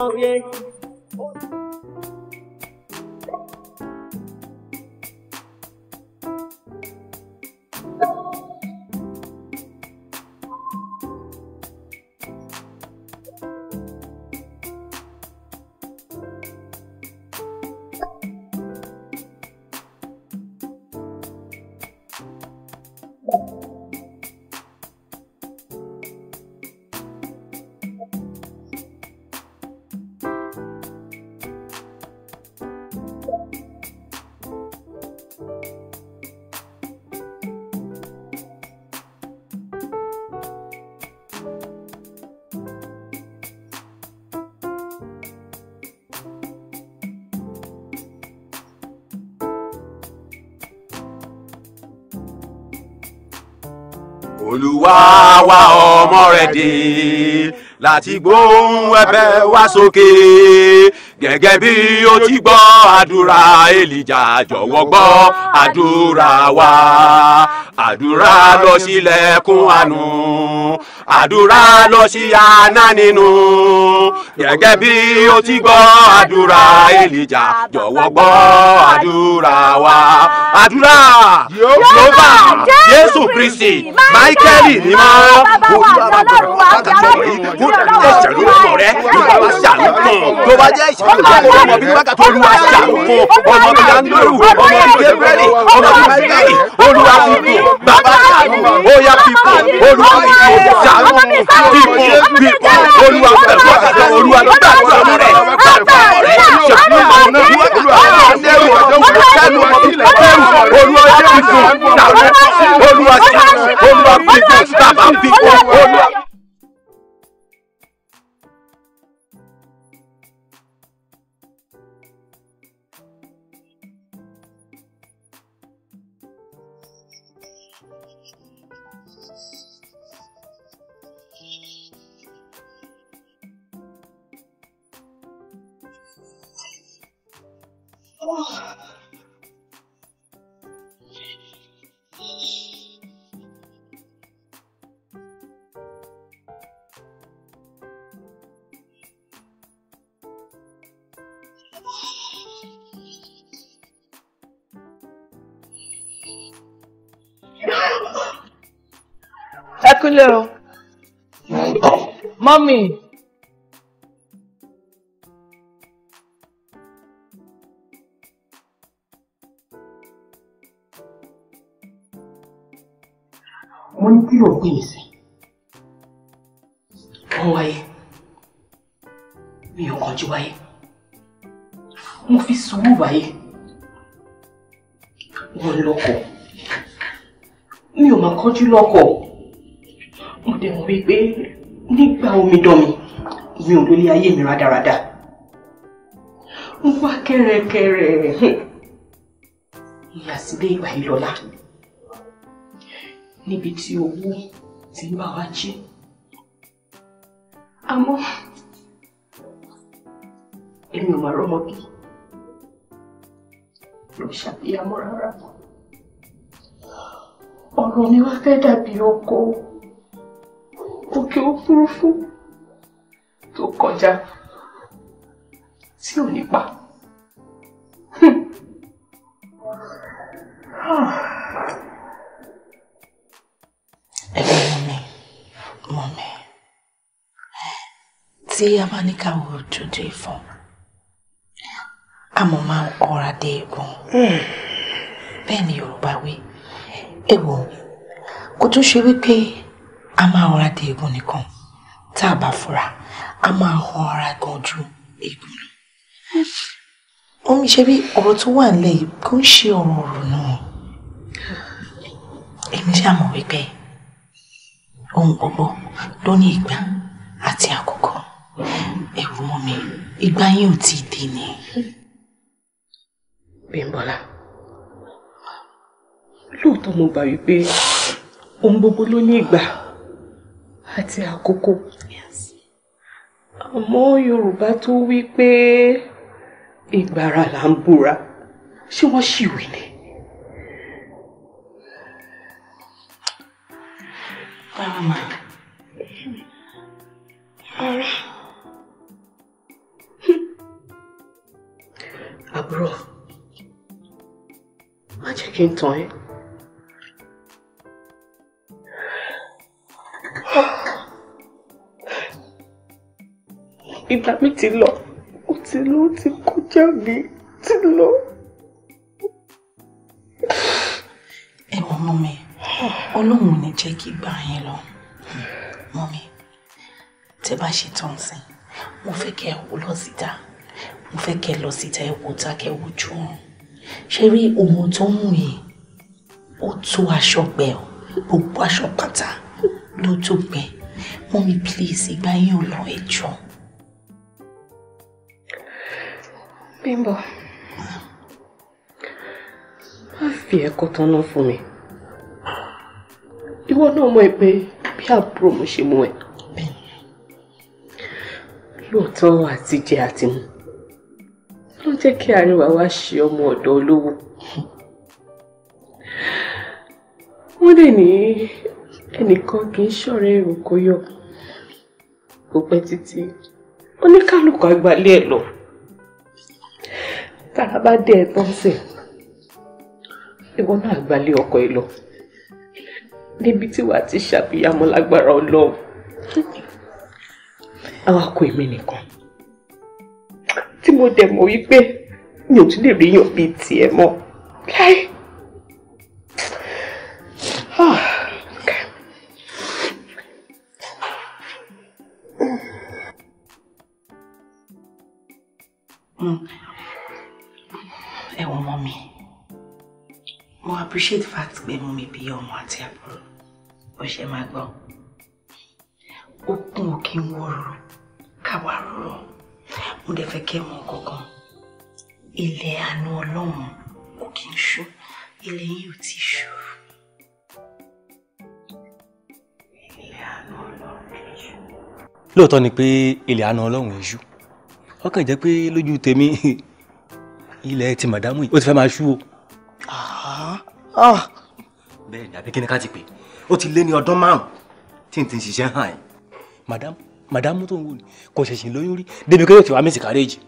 All right. àwa ọmọ rẹ̀ dé láti gbóhùn ẹ̀bẹ̀ wá sókè gẹ́gẹ́ bí o ti gbọ́ àdúrà èlìjà jọ̀wọ́ gbọ́ àdúrà wa àdúrà lọ sílẹ̀kùn àánú àdúrà lọ sí àná nínú gẹ́gẹ́ bí o ti gbọ́ àdúrà èlìjà jọ̀wọ́ gbọ́ àdúrà wa. àdúrà yehova jésù kristi máíkẹ́lì ní mọ́ olúwa bá bọ̀rọ̀ wá kàtó yìí kó dàbí ẹ̀ṣẹ̀ lórúkọ rẹ ìwà wa ṣàlùkàn. tó bá jẹ́ ìṣẹ́ ìṣẹ́ ọmọ bíi wákàtí olúwa ṣàlùkàn ọmọ bíi andrew ọmọ bíi gabriel ọmọ bíi michael olúwa fipò bàbá ṣàlùkàn óyá fipò olúwa fipò ṣàlùkàn fipò olúwa pẹ̀lú àkàtà olúwa olúwa ló gbà àdúrà mú rẹ̀. ọ̀tá rẹ̀ olúwa ló gbà àdúrà mú rẹ̀. sẹ́nu ilẹ̀ kẹrù olúwa ṣe é dùn tàbí olúwa ṣe olúwa fi dùn tàbí fi dùn olúwa. kúlẹ̀ o mọ́mì. mo ní kí lóò pín ìsìn kan wáyé mi ò kánjú wáyé mo fi sùúrù wáyé wọn lọ́kọ mi ò máa kánjú lọ́kọ mo dẹ̀ mọ̀ wípé nígbà omidan mi mi ò lólé ayé mi rádaràda ń wá kẹ́rẹ́kẹ́rẹ́ ìyá sílé ìgbà yìí lọ́la níbi tí owó ti ń bá wa jí àmọ́ èmi ò máa rọ́mọ bí ló ṣàbíyamọ́ rárá ọ̀rọ̀ mi wá fẹ́ dàbí oko òkè òfurufú tó kọjá tí ò ní pa. ẹgbẹ́ mọ́mí mọ́mí tí a bá ní káwọ́ òjòjò ìfọ̀n a mọ̀ máa ń kọ́ra dé egun hmm. bẹ́ẹ̀ ni Yorùbá wí ewu kò tún ṣe wípé a máa ọra de eegun nìkan tá a bá fura a máa han ara gan ju eegun lọ. ó ń ṣe bí ọ̀rọ̀ tó wà nílẹ̀ yìí kò ń ṣe ọ̀rọ̀ ọ̀rọ̀ náà èmi ṣàmọ̀ wípé ohun gbogbo ló ní ìgbà àti àkókò ẹ̀rù mọ́ mi ìgbà yín ò tí ì dé Bímbọ́lá lóòótọ́ mo gbà wípé ohun gbogbo ló ní ìgbà àti àkókò. àmọ́ yorùbá tó wí pé ìgbàrà là ń búra ṣé wọ́n ṣì wí ni. Àbúrò, má jẹ́ kí n tàn ẹ́. ìgbà mi ti lọ ó ti lọ ó ti kọjá mi ti lọ. ẹ wọ mọ́mi ọlọ́run ò ní jẹ́ kí gbà yín lọ mọ́mi tẹ́ bá ṣe tán sí mo fẹ́ kẹ́ ẹ wò lọ síta mo fẹ́ kẹ́ ẹ lọ síta ẹ wò ta kẹ́ ẹ wojú ọ̀run ṣe rí ohun tó ń mú yìí ó tó aṣọ pẹ̀ gbogbo aṣọ pátá lójú pé mọ́mí please ìgbà yín ò lọ ẹjọ́. Bímbọ́ má fi ẹ̀kọ́ tanná fún mi ìwọ náà mọ̀ ẹ́ pé bí àbúrò mo ṣe mú ẹ lóòótọ́ àti jẹ àti mu ló jẹ́ kí àárín wa wá ṣe ọmọ ọ̀dọ́ olówó wọ́n lè ní ẹnìkan kì í ṣọ̀rẹ́ èrò kó yọ kò pẹ́ títí oníkálùkù àgbálẹ ẹ lọ tára bá dé ẹ tán sẹ ìwọ náà àgbálẹ ọkọ ẹ lọ níbi tí wàá ti ṣàbíyamọ lágbára Ọlọ́run àwa kọ èmi nìkan tí mo dẹ̀ mọ̀ wípé mi ò tún lè ríyàn bíi tiẹ̀ mọ́ ṣẹ̀ṣẹ̀ máa gbọ́ okun ò kí ń wòrò káwa rọ̀ mo dẹ̀ fẹ́ kẹ́ mọ̀ kankan ilẹ̀ àánú ọlọ́run kò kí ń ṣú ilẹ̀ yìí ò ti ṣú. lóòótọ́ ni pé ilẹ̀ àánú ọlọ́run èṣù ó kàn jẹ́ pé lójú tèmi ilẹ̀ ti màdámù yìí ó ti fẹ́ máa ṣú o. Ah. Ah. bẹ́ẹ̀ ni àbí kí ni ká ti pè é ó ti lé ní ọdún márùn tí n ti ṣiṣẹ́ hàn yín. madam madam tó ń wò ni kò ṣẹ̀ṣẹ̀ lóyún rí débi kí yóò ti wá mísì kárẹ́jì.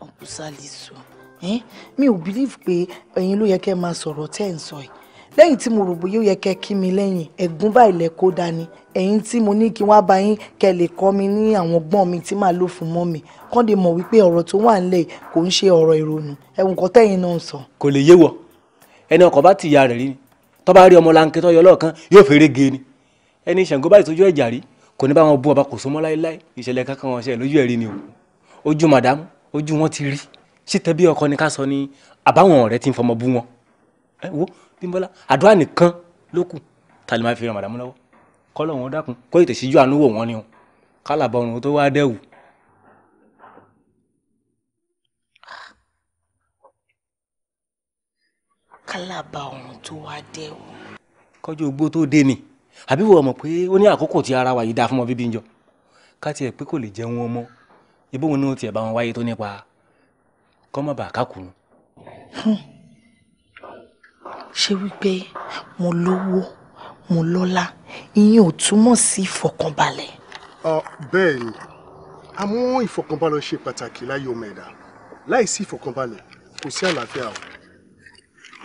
ọ̀pùsàlì mi ò bílíìfù pé ẹ̀yin ló yẹ kẹ́ máa sọ̀rọ̀ tẹ́ ẹ̀ ń sọ yìí lẹ́yìn tí mo rò bóyá ó yẹ kẹ́ kí mi lẹ́yìn ẹ̀gún bá ilẹ̀ kó dání ẹ̀yin tí mo ní kí wọ́n bá yín kẹ́ lè kọ́ mi ní àwọn ọgbọ́n mi tí màá lò fún mọ́ mi kán lè mọ̀ wípé ọ̀rọ̀ tó wà ńlẹ̀ kò ń ṣe ọ̀rọ̀ ìrònú ẹ̀wùn kan tẹ́yìn náà sọ. kò lè yé wọ ẹni ọkọ bá ti ya rẹ rí ni tó bá rí ọmọ lanke tó yọ lọ́ọ̀kan yóò fèrè ge ni ẹni ṣàǹgó báyìí tójú ẹ̀jà rí kò ní bá wọn bú ọba kò sómọ́ láéláé ìṣẹ̀lẹ̀ kankan wọn ṣẹlẹ̀ lójú ẹ̀ ni o ojú màdámù ojú wọn ti rí síta bí ọkọ ni ká sọ ni àbáwọn ọ̀rẹ́ ti ń fọmọ bú wọn ẹ wo bímbọ́lá àdúrà nìkan ló kù ta lè máa fi ràn màdámù lọ́wọ́ kọ́ lọ́wọ́n dákun kó ètò ìṣíjú àánú wò wọ́n ni o kálàbọ̀rùn tó wá dẹ́wù kálábà ọ̀run tó wá dé o. kọjú ogbó tó dé ni àbí wọ́n mọ̀ pé ó ní àkókò tí ara wa yìí dáa fún ọmọ bíbí ń jọ ká tiẹ̀ pé kò lè jẹun ọmọ ibò wọn ni ó tiẹ̀ bá wọn wáyé tó nípa kọ́mọ̀bà kákùnún. Hmm. ṣé wípé mo lówó mo lọ́lá ìyẹn ò túmọ̀ sí ìfọ̀kànbalẹ̀. bẹ́ẹ̀ ni àmọ́ ìfọ̀kànbalẹ̀ ṣe pàtàkì láyé ọmọ ẹ̀dá láìsí ìfọ̀kànbalẹ̀ kò sí àlàáfíà o.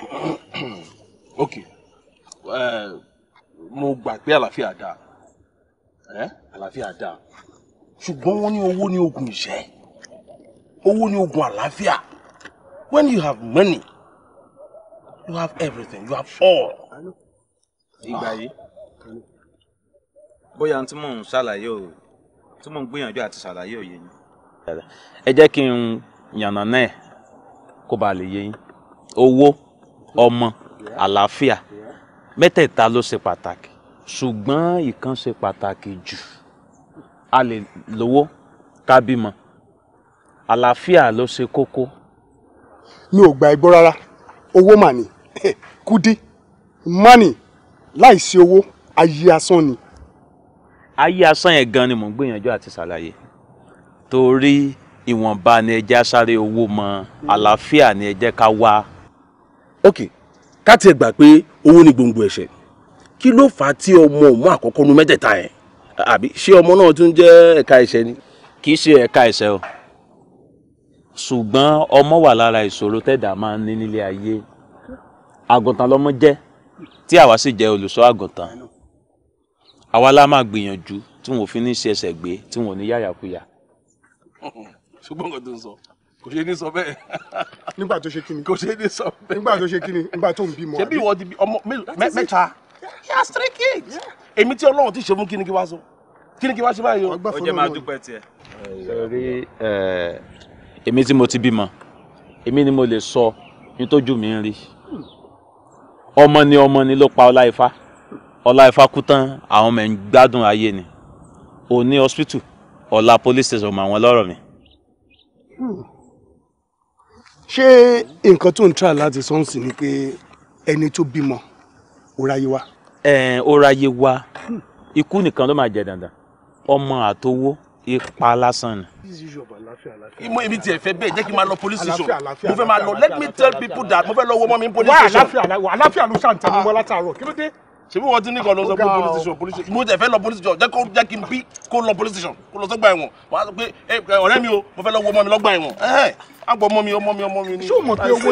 ok eh, mo gbà pé àlàáfíà dáa eh, àlàáfíà dáa ṣùgbọ́n wọ́n ní owó ní oògùn ìṣẹ́ owó ní oògùn àlàáfíà when you have money you have everything you have all. ìgbà yìí bóyá tí mò ń ṣàlàyé o tí mò ń gbìyànjú àti ṣàlàyé òye yín. ẹ jẹ́ kí n yànnà náà kó ba lè yé yín owó ọmọ àlàáfíà mẹ́tẹ̀ẹ̀ta ló ṣe pàtàkì ṣùgbọ́n ìkan ṣe pàtàkì jù a lè lówó ká bímọ àlàáfíà ló ṣe kókó. mi ò gba ẹgbọ́ rárá owó mà ní kúdí má ní láìsí owó ayé asán ni. ayé asán yẹn gan ni mò ń gbìyànjú àti ṣàlàyé torí ìwọ̀nba ni ẹ jẹ́ sáré owó mọ́ àlàáfíà ni ẹ jẹ́ ká wá ok ká tiẹ̀ gbà pé owó ni gbòǹgbò ẹ̀ṣẹ̀ kí ló fà á tí ọmọ òmù àkọ́kọ́ nu mẹ́tẹ̀ẹ̀ta yẹn àbí ṣé ọmọ náà tún jẹ́ ẹ̀ka ẹ̀ṣẹ̀ ni. kì í ṣe ẹ̀ka ẹ̀ṣẹ̀ o ṣùgbọ́n ọmọ wà lára ìṣòro tẹ̀dá máa ń ní nílé ayé àgùntàn lọmọ jẹ́ tí àwa sì jẹ́ olùṣọ́ àgùntàn àwa la máa gbìyànjú tí wọn ò fi ní ṣe ẹsẹ̀ gbé tí wọn ò ní yáyàkuyà. ṣùgbọ́n nǹkan tó ń sọ kò ṣe ní sọ bẹ́ẹ̀. nígbà tó ṣe kíni. kò ṣe ní sọ bẹ́ẹ̀. nígbà tó ṣe kíni nígbà tó ń bímọ. ṣé bí ìwọ ti bí ọmọ mẹ́ta. he has three kids. èmi tí ọlọ́run ti ṣe fún kíni kí wá sọ kíni kí wá ṣe báyìí o. ó jẹ́ máa dúpẹ́ tiẹ̀. sọrí èmi tí mo ti bímọ èmi ni mo lè sọ ní tójú mi ń rí ọmọ ni ọmọ ni ló pa ọlá ifá ọlá ifá kú tán àwọn ọmọ ẹ̀ ń gbádùn ayé ni òní hospital ọ̀la police station mọ̀ àwọn lọ́rọ̀ mi. Hmm ṣé nǹkan tó ń tra láti sọ́ọ̀sì ni pé ẹni tó bímọ ó ráyé wá. ẹ ẹ ikú nìkan ló máa jẹ dandan ọmọ àtowó ipa lásán ni. mo èmi tiẹ̀ fẹ́ bẹ́ẹ̀ jẹ́ kí n máa lọ police station mo fẹ́ máa lọ let me tell people that mo fẹ́ lọ wo ọmọ mi police station. wá àlàáfíà àlàáfíà ló ṣàǹtẹ̀ mi wọ́n látàárọ̀ kí ló dé ṣebí wọ́n ti ní kan lọ sọ pé police station police station mo tẹ̀ fẹ́ lọ police station jẹ́ kó jẹ́ kí n bí kó lọ police station kó lọ sọ́gbà ẹ̀wọ̀n wàá sọ pé eh, ọ̀rẹ́ mi o mo fẹ́ lọ wo ọmọ mi lọ́gbà ẹ̀wọ̀n ẹ̀hẹ́ àgbọ̀ ọmọ mi ọmọ mi ọmọ mi ni. ṣé o mọ̀ pé owó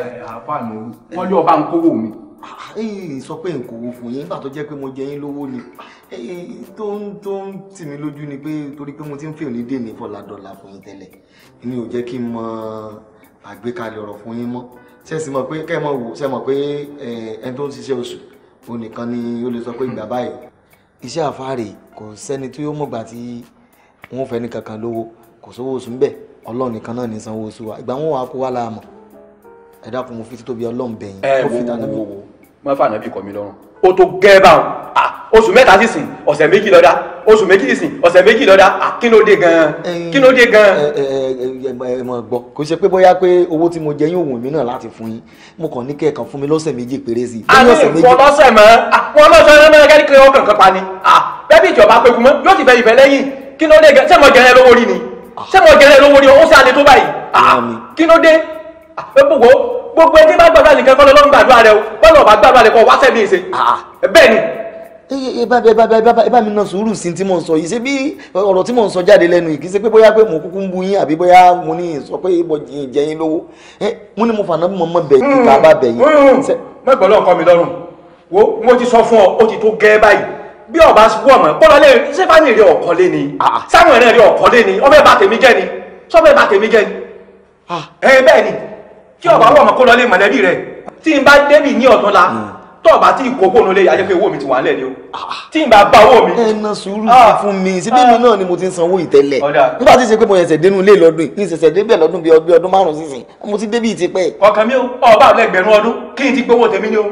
àáfàá mi wù wọ́n lé ọba ń kówó mi. ẹ̀yin sọ pé nkòwò fún yín nígbà tó jẹ́ pé mo jẹ yín lówó ni tó ń tó ń tì mí lójú ni pé torí pé mo ti ń fẹ́ òní dè ní fọládọ́là fún yín tẹ́lẹ̀ ni ò jẹ́ kí n mọ àgbékalẹ̀ ọ̀rọ̀ fún yín mọ́ ṣe sì mọ̀ pé kẹ́ mọ̀ wò ṣe mọ̀ pé ẹni tó ń ṣiṣẹ́ oṣù o nìkan ni ó lè sọ pé ìgbà báyìí iṣẹ́ àfáàrè kò sẹ́ni tí ó mọ̀gbà tí wọ́n fẹ́ ní kankan lówó kò sówó oṣù ń bẹ̀ ọlọ́run nìkan náà ní sanwó oṣù wa ìgbà wọn wà kó wá láàmú ẹ dákun mo fi títóbi Ọlọ́run bẹ̀yìn. ẹ wo wo wo má fà nàbì kọ́ mi lọ́rùn o tó gẹ́ báwọn oṣù mẹ́ta sísìn ọ̀sẹ̀ méjì lọ́dá oṣù méjì sísìn ọ̀sẹ̀ méjì lọ́dá kínlódé gan-an kínlódé gan-an. ẹ ẹ ẹ mọ̀ gbọ́ kò ṣe pé bóyá pé owó tí mo jẹ yín òun mi náà láti fún yín mo kàn ní kẹ̀kan fún mi lọ́sẹ̀ méjì péré sí i. a ní ìfọ lọ́sẹ̀ mọ́ wọn lọ́sẹ̀ náà mẹ́rin kẹ́ni kiri ọkàn kan pa ni bẹ́ẹ̀ bí ìjọba pé kúmọ́ yóò ti fẹ́ ìfẹ́ lẹ́yìn kínlódé gan-an ṣé mo jẹ gbogbo gbogbo ẹni bá gbàdúrà nìkan kọ́ lọ́n gbàdúrà rẹ o bọ́lá ọba gbàdúrà rẹ kọ́ wá sẹ́mi ìṣe bẹ́ẹ̀ ni. ẹ bá ẹ bá ẹ bá ẹ bá mi náà sùúrù sí tí mò ń sọ yìí ṣé bí ọ̀rọ̀ tí mò ń sọ jáde lẹ́nu yìí kì í ṣe pé bóyá pé mò ń kúkú ń bu yín àbí bóyá mo ní sọ pé mo jẹ yín lówó ẹ mo ní mo fà náà mo mọ bẹ̀ yín ká bá bẹ̀ yín. mẹ́gbọ̀n hmm, hmm, hmm. náà kọ́ mi lọ́rùn wo mo ti sọ fún ọ ó ti tó gẹ́ báyìí bí ọba wọ̀ mọ́ bọ́lá lè ṣé bá ní ìrẹ́ ọ̀kọ́lé ni sáwọn kí ọba wọ̀ ọmọ kó lọ lé mọ̀lẹ́bí rẹ̀ tí n bá débì ní ọ̀túnla hmm. tọ́ọ̀bá tí kò kó nulẹ̀ ajẹ́ pé owó mi ti wà nílẹ̀ ni o ah, ah. tí n bá bá owó mi. ẹ na sùúrù ah. fún mi síbí mi náà ni mo ti ń sanwó ìtẹ́lẹ̀ nígbà tí ṣe pé mo ṣẹ̀ṣẹ̀ dénú ilé lọ́dún yìí ṣẹ̀ṣẹ̀ débẹ̀ lọ́dún bíi ọbí ọdún márùn-ún sísìn mo ti débì ti pẹ́. ọkàn mi ò ọba lẹgbẹrún ọdún kí n ti gbowó tèmi ni o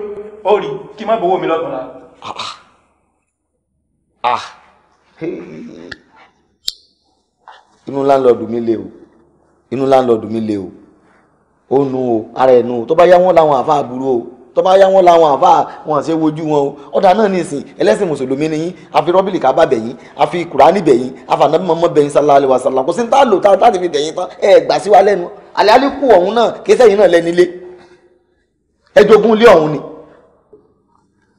ó rí kí n má gbowó mi lọ́dún la. inú láńlọ́ọ̀dù mi le o inú láńlọ́ọ̀dù mi le o ó nu o ara ẹ̀ nu o tó bá yá wọn làwọn àfa àbúrò o tó bá yá wọn làwọn àfa wọn àṣẹ wojú wọn o ọ̀dà náà ní ìsìn ẹlẹ́sìn mùsùlùmí ni yín àfi rọ́bìlì kábà bẹ̀ yín àfi kùránì bẹ̀ yín àfànàbí mọ́mọ́ bẹ̀ yín sálá àlewà sálá kò sí ní tá a lò tá a ti fi bẹ̀ yín tán ẹ̀ gbà sí wa lẹ́nu àlẹ́ àlékù ọ̀hún náà kí sẹ́yìn náà lẹ́ni lé ẹ jogún lé ọ̀hún ni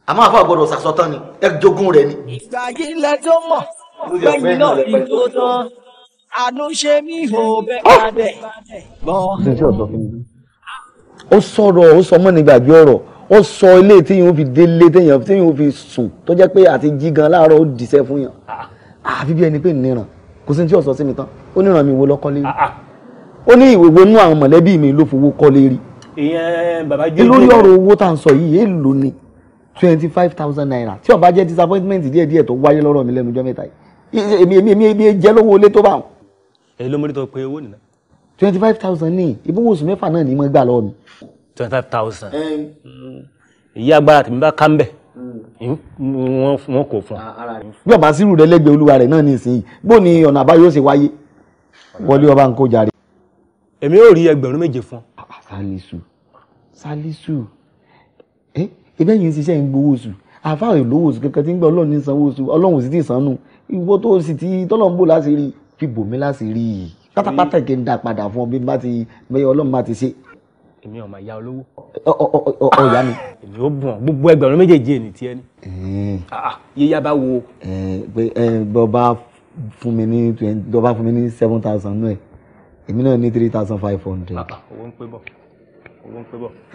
àmọ́ àfọ àgbọ̀dọ̀ sàsọtán ni àánú ṣe mí ò bẹ padẹ. ó sọ̀rọ̀ ó sọ mọ́ni gbàgbé ọ̀rọ̀ ó sọ ilé tí yóò fi délé téèyàn téèyàn fi sùn tó jẹ́ pé àti jí gan láàárọ̀ ó dìṣẹ́ fún yàn àfi ah, bí ẹni pé níran kò sí ní tí ò sọ sí mi tán ó níran mi wo lọ́kọ́ lérí ah, ah. ó ní ìwé wonú àwọn mọ̀lẹ́bí mi ló fowó kọ́ lérí. ìyẹn bàbá jẹ́ lórí ọ̀rọ̀ owó tá à ń sọ yìí èèlò ni twenty five thousand naira tí ó bá jẹ́ disappointment díẹ̀díẹ̀ tó wáyé lọ́rọ̀ mi lẹ́nu ọjọ́ mẹ́ta yìí èmi èmi èmi jẹ́ lówó ilé tó bá wọn èyí ló mórí pé owó nìyẹn. twenty five thousand ni ìbúwòsùn mẹ́fà náà ní mo gbà lọ́wọ́ mi. twenty five thousand ìyá agbára tèmi bá ká ń bẹ̀ mm. wọn kò fún. bí ọba sírù rẹ lẹ́gbẹ̀ẹ́ olúwa rẹ náà ní ìsinyìí bó ni ọ̀nà àbáyọ ṣe wáyé wọlé ọba ń kó jàre. èmi yóò rí ẹgbẹ̀rún méje fún. Ah, ah, salisu salisu ẹ ibẹ̀ yìí ń ṣiṣẹ́ ń gbowó oṣù àfáà ìlówó oṣù kankan tí ń gbọ́ ọlọ́run ní sanwó oṣù ọlọ́run sì ti sànù ìwọ tó sì ti tọ́lọ́ ń bò láṣìírí fi bò mí láti rí i pátápátá kí n dá padà fún ọ bí bá ti bẹ́ẹ̀ ọlọ́run bá ti ṣe. èmi ò máa ya olówó. ọ̀ọ́yà mi. èmi ò bùn gbogbo ẹgbẹ̀rún méjèèjì ènì tiẹ̀ ni. Ah, ah, yíyá bá wo. bọ́ba fún mi ní twenty bọ́ba fún mi ní seven thousand náà èmi náà ní three thousand five hundred. Ah, owó ń pé bọ̀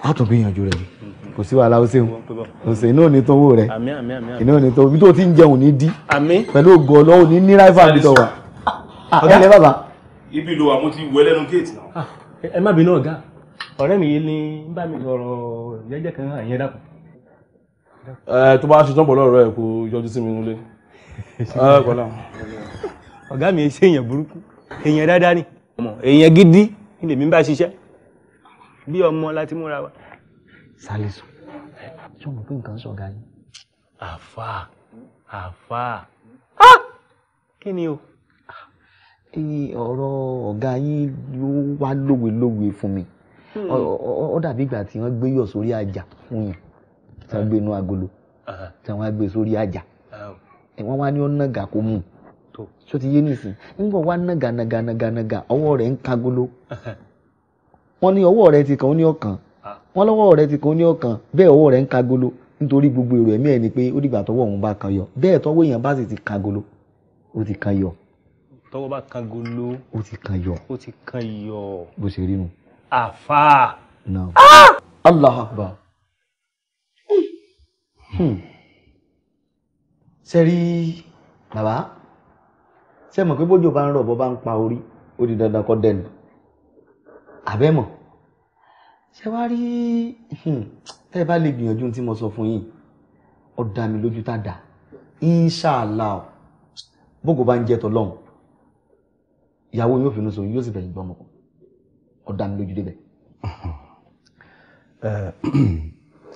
a tún gbìyànjú rẹ mm-hmm. kò sí wàhálà ó ṣeun ó ṣe iná òní tó wò rẹ iná òní tó bí tó ti ń jẹun ní dí pẹ̀lú ògo Ọlọ́run ní ní ráìfà bí tó wà. Ah, ọ̀gá ilẹ̀ bàbá. ibi ló wà mo ti wọ ẹlẹ́nu géètì náà. Ah, ẹ má bínú ọ̀gá ọ̀rẹ́ mi yìí ni ń bá mi sọ̀rọ̀ jẹ́jẹ́ kan àyẹn dàpọ̀. ẹ tó bá ṣetán pọ̀ lọ́rọ̀ ẹ kò yọjú sí mi nílé. ọ̀gá mi ṣe èèyàn burúkú èèyàn dáadáa ni èèyàn gidi ni lèmi bá ṣiṣẹ́ bí ọmọ láti múra wa. Salisu ṣé mo pé nǹkan ń sọ̀gá yín. àfà àfà ah! kí ni o. ọ̀rọ̀ ọ̀gá yín ló wá lówe fún mi hmm. ó dàbí ìgbà tí wọ́n gbé yọ̀ sórí àjà fún yín tí wọ́n gbé inú agolo tí wọ́n gbé sórí àjà wọ́n wá ní ó nàgà kó mú ṣó ti yé nìsín nígbà wá nàgà nàgà nàgà nàgà ọwọ́ rẹ̀ ń kagolo wọ́n ní ọwọ́ ti kàn ó ní ọkàn, ah. wọ́n lọ́wọ́ ti kàn ó ní ọkàn bẹ́ẹ̀ ọwọ́ rẹ̀ ń nítorí gbogbo èrò tọwọ́ bá kan golo. ó ti kan yọ. ó ti kan yọ. bó ṣe rí nu. àfa. naam. Ah! allah akbar. Hmm. ṣe rí bàbá ṣe mọ̀ pé bójú bá ń rọ̀ bó bá ń pa orí ó di dandan kó dẹnu àbẹ́mọ̀ ṣe wá rí hmm, tẹ́ ẹ bá lè gbìyànjú tí mo sọ fún yín ó mi lójú tá a dà inshallah bógo bá ń jẹ́ tọ́lọ́hún ìyàwó yóò finú so yóò sì fẹ̀yìn gbọ́mọ kò dá mi lójú débẹ̀.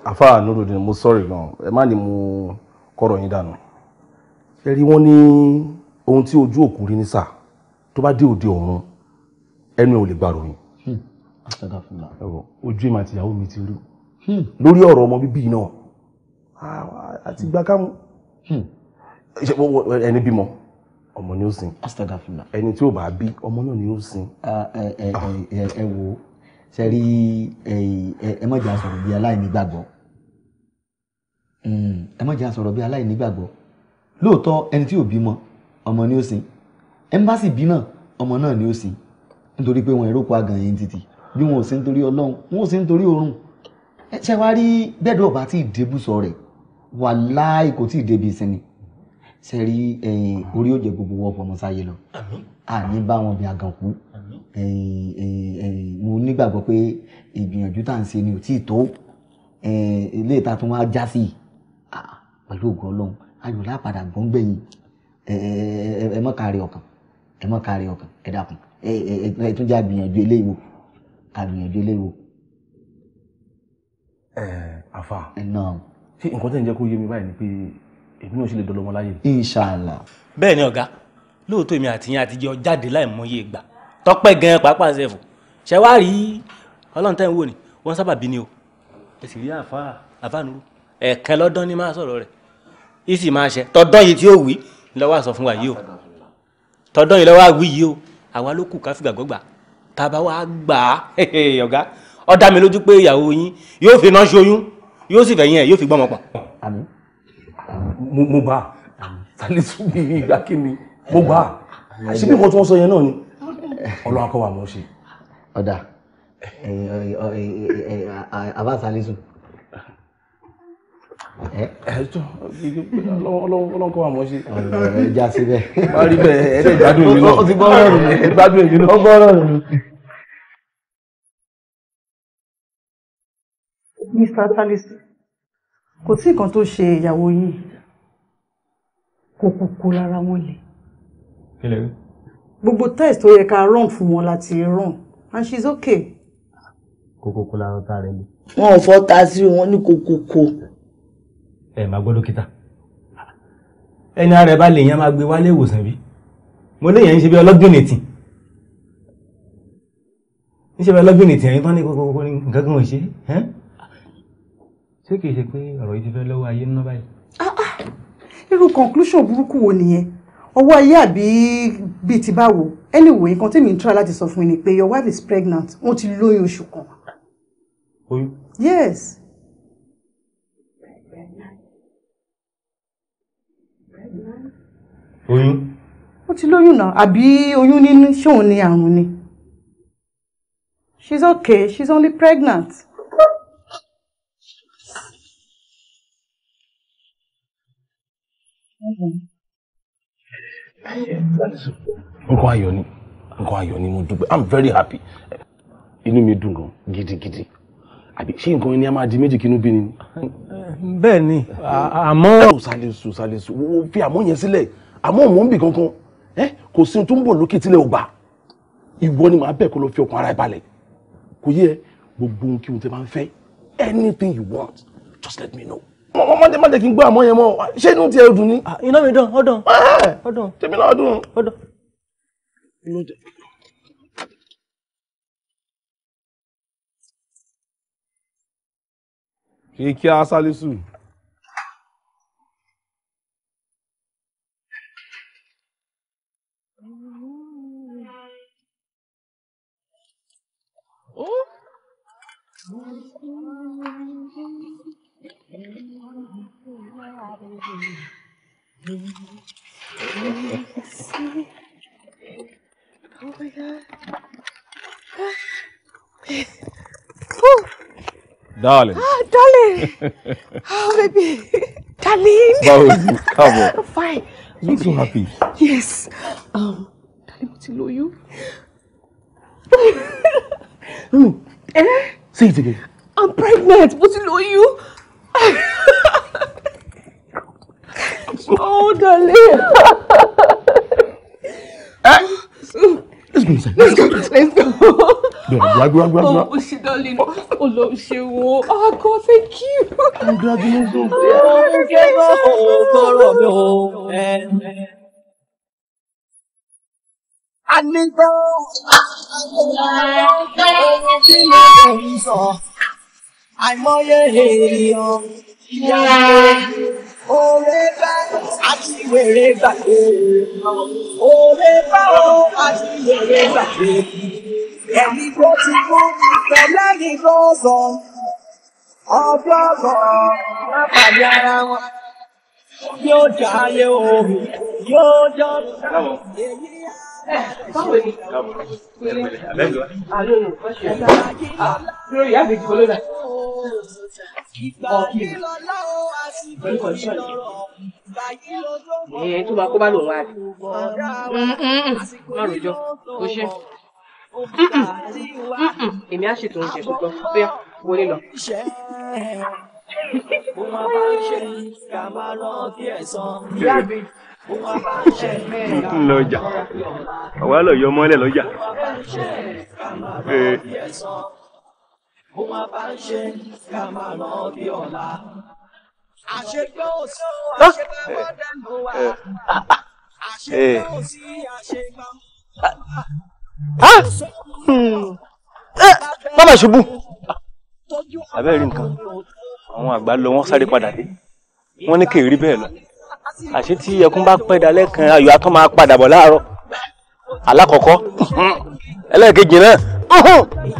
afa nurudin mo sọ̀rọ̀ gan ẹ má ní mo kọ̀rọ̀ yín dànù ẹ rí wọn ní ohun tí ojú òkú rí ní sáà tó bá dé òde ọ̀run ẹnu ò lè gbà ròyìn hmm. ojú èmi àti ìyàwó mi ti rí hmm. lórí ọ̀rọ̀ ọmọ bíbí náà àti gbàkámu hmm. ẹni bímọ ọmọ ni ó sin. astagafula. ẹni tí ó bá bí ọmọ náà ni ó sin. ẹ wo ṣe rí ẹ má jà sọ̀rọ̀ bí aláìní gbàgbọ́ hmm, ẹ má jà sọ̀rọ̀ bí aláìní gbàgbọ́ lóòótọ́ ẹni tí ò bímọ ọmọ ni ó sin ẹmbásì bí náà ọmọ náà ni ó sin nítorí pé wọn ìrókò àgàn yìí títì bí wọn ò sí nítorí ọlọ́run wọn ò sí nítorí òórùn ẹ ṣe wá rí bẹ́ẹ̀dọ̀ ọba tí ì débùsọ rẹ̀ wàláì kò tí ì débi ìsinmi sẹ́rí orí òjò gbogbo wọ́n fọmọ sáyé lọ àní bá wọn bí àgànkú mo nígbàgbọ́ pé ìgbìyànjú tá à ń ṣe ni ò tí ì tó ilé ìta tó wá já sí pẹ̀lú ògùn ọlọ́run ayọ̀ lápadà gbọ́ngbẹ̀yìn ẹ mọ́ kárí ọkàn ẹ mọ́ kárí ọkàn ẹ dákun ẹ tún já gbìyànjú eléyìí wò ká gbìyànjú eléyìí wò. ẹ àfa ṣé nǹkan tẹ̀ ń jẹ́ kó yé mi báyìí ni pé èmi náà sì lè dọ̀lọ́mọ láyé. inshàlá. bẹ́ẹ̀ ni ọ̀gá lóòótọ́ èmi àti yín àtijọ́ jáde láì mọyé ìgbà tọ́pẹ́ gan pàápàá ṣẹ̀fù ṣẹ wá rí ọlọ́run tẹ́ ń wò ní wọ́n sábà bí ni o ẹ sì rí àfáà àfáànúrú ẹ̀ẹ̀kan lọ́dán ni máa sọ̀rọ̀ rẹ̀ yìí sì máa ṣe tọ́dán yìí tí ó wí lọ́wọ́ àsọ fún wa yìí o tọ́dán yìí lọ́wọ́ àwí yìí o àwa ló kù ká fìgbàgbọ́ gbà tá a bá wá gbà á ọ̀gá ó dá mi lójú pé mo gbà sálẹ́sù bí ìgbà kí ni mo gbà ṣé bí nǹkan tí wọ́n sọ yẹn náà ni ọlọ́run akọ́wà mọ́ ṣe. ọ̀dà àbá sálẹ́sù. ẹ̀ẹ́dọ́ ọlọ́run akọ́wà mọ́ ṣe. ẹja síbẹ̀. wá rí bẹ́ẹ̀ ẹ̀ẹ́dẹ̀ gbádùn mi náà. ó ti gbọ́ ọ̀rọ̀ mi. gbádùn mi náà. ó mi. Mr. Salisu kò tí nǹkan tó ṣe ìyàwó yín kò kúkú lára wọn lè. kílẹ̀ gbogbo test tó yẹ ká rán fún wọn láti rán and she's okay. kò kúkú lára ọ̀tá rẹ̀ lè. wọn ò fọ́ ta sí wọn ní kò kúkú. ẹ máa gbọ́ dókítà ẹni ara ẹ bá lè yẹn máa gbé wálé ìwòsàn bí mo lè yẹn ń ṣe bí ọlọ́gbìn nìtì ń ṣe bí ọlọ́gbìn nìtì ẹ̀yin tán ní kókó nǹkan kan ò ṣe ṣé kìí ṣe pé ọ̀rọ̀ yìí ti fẹ́ lọ́wọ́ ayé ńná báyìí. Ah, ah. irú conclusion burúkú wo nìyẹn ọwọ́ ayé àbí bíi ti báwo anyway nǹkan tèmi ń tura láti sọ fún yín ni pé your wife is pregnant wọ́n ti lóyún oṣù kan. oyún. yes. oyún. ó ti lóyún náà àbí oyún nínú ṣóun ni àrùn ni. she's okay she's only pregnant. nǹkan ayọ̀ ni nǹkan ayọ̀ ni mo dúpẹ́ i'm very happy inú mi dùn gan gidigidi àbí ṣé nǹkan ni a máa di méjì kínú bí ni. bẹ́ẹ̀ ni àmọ́. sòsàlẹ̀sò sòsàlẹ̀sò wo fi àmọ́ yẹn sílẹ̀ àmọ́ mò ń bì kankan kò sí ohun tó ń bọ̀ lókè tílẹ̀ ò gbà ìwọ ni màá bẹ̀ kó lọ fi ọkàn ara ẹ balẹ̀ kò yẹ gbogbo ohun kí ohun tẹ bá ń fẹ́ anything you want just let me know mọ mọ mọ jẹ kí n gbọ́ àmọ́ yẹn mọ ṣé inú tiẹ̀ dùn ni. Ah, iná mi dán ọdún ọdún tèmi náà dùn. ọdún. kì í kí a sálísù. Oh. Oh my god. Darling. Ah, darling. oh, baby. darling. Báwo káàbọ̀. Fine. You so happy. Yes. Um, darling, mo ti you? Mummy. Eh? Say it again. I'm pregnant. Mo ti you? Let's go inside. Let's go. Let's go. Yeah, grab, grab, grab, grab. Oh, she darling. Oh, love, she won't. Oh, God, thank you. I'm glad you know so. Oh, give up. Oh, God, oh, oh, oh, no. I need to. Àìmọye èèyàn òrè bá àti wèrè gbàgbé òrè bá o àti wèrè gbàgbé ẹni tó ti kú pẹ̀lẹ́ ní lọ́sọ̀ ọjọ́ bọ̀ lápàdé ara wọn yóò jáde òru yóò jọ èyí báwo tó máa kó bá lòun wá má rojọ́ kò ṣe èmi á ṣètò oúnjẹ tó gbọ́ bóyá wọlé lọ mo máa bá ṣe ká máa lọ kí ẹ san lọ́jà àwa lọ yọ ọmọlẹ̀ lọ́jà. Mo máa bá ń ṣe ká máa rán bí ọ̀la. Àṣegbé òsì àṣegbé wá dẹ́nu wa. Àṣegbé òsì àṣegbá. Má bàa ṣubú. Abẹ́rẹ́ nǹkan, àwọn àgbà lọ wọ́n sáré padà dé. Wọ́n ní kí n rí bẹ́ẹ̀ lọ àṣé tí ẹkún bá pẹ́ dalẹ́ kan ayọ̀ atọ́ máa padà bọ̀ láàárọ̀ alákọ̀ọ́kọ́ ẹlẹ́ẹ̀kejì náà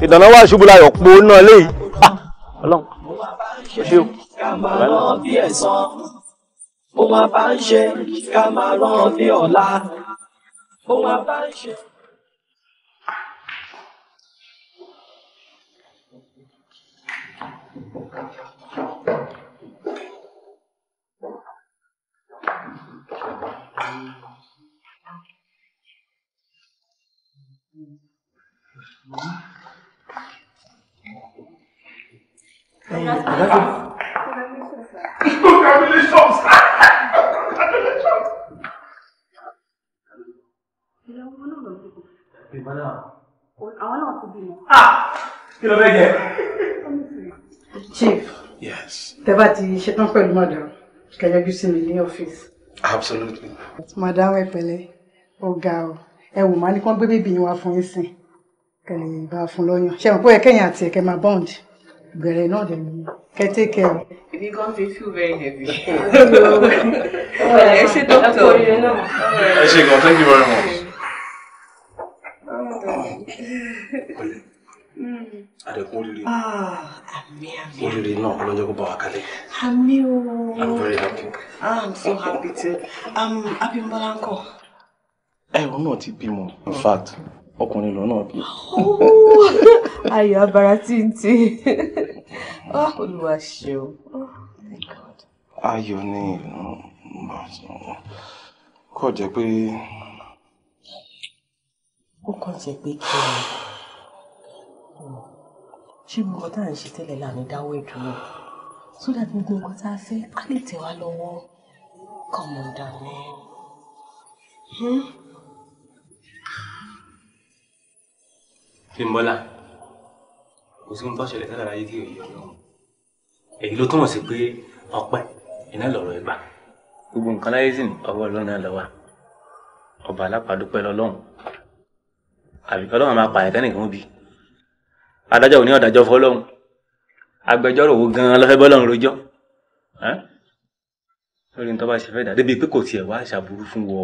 ìdáná wà ṣubú láyọ̀ po náà léyìí ah, ọlọ́run ṣe ṣe o. ká máa rán bí ẹ̀san bó máa bá ń ṣe ká máa rán bí ọ̀la bó máa bá ń ṣe. Congratulations! Congratulations! Ìgbà náà. Àwọn náà ti bímọ. Kí ló fẹ́ jẹ? Chief. Yes. Tẹ́ bá ti ṣetán pẹ̀lú mọ̀dà, kẹ̀yọ́jú sí mi ní ọ́fíìsì absolutely. madam ẹ Oh ọ̀gá o woman, you can't ní kí wọn gbé bèbí yín wá fún yín sìn kẹlẹ ìbá fún lọ́yàn ṣe mọ pé ẹkẹyìn àti ẹkẹ máa bond bẹ̀rẹ̀ náà dẹ nìyí kẹtẹ kẹ o. èmi gan fi feel very heavy. ẹ ṣe dókítà ẹ ṣe gan thank you very much àdẹ̀kùn oríire. Ah, àmì àmì. oríire náà ọlọ́jọ́ kó bá wa kalẹ̀. àmì o. i'm very happy. Ah, i'm so happy too. um, Abímbọ́lá ń kọ́. ẹ̀rọ náà ti bímọ in fact ọkùnrin lọ náà bí. Oh, ayọ̀ abara tí ń tí. Ah, olúwa ṣeun. Oh, ayọ̀ ni ìlú kò jẹ́ pé. ó kàn jẹ́ pé kí ni ṣé nǹkan tá à ń ṣe tẹ́lẹ̀ là ní dáwọ́ ìdúró so that gbogbo nǹkan tá a fẹ́ á lè tẹ̀ wá lọ́wọ́ come on down. Hmm? Fímbọ́lá kò sí ohun tó ṣẹlẹ̀ tẹ́lẹ̀ láyé tí ò yẹ ọ̀rọ̀ èyí ló túmọ̀ sí pé ọpẹ́ iná lọ̀rọ̀ ẹgbà gbogbo nǹkan láyé sì ní ọwọ́ ọlọ́run náà lọ́wọ́ ọba alápàdúpẹ́ lọ́lọ́run àbíkọ́ ọlọ́run máa pààyàn tẹ́nìkan bí adájọ́ ò ọ̀dájọ́ fọlọ́hún agbẹjọ́rò wo gan-an lọ́fẹ́ lórí nítorí ṣe fẹ́ débi pé kò tiẹ̀ wá ṣàbùrú fún wọ.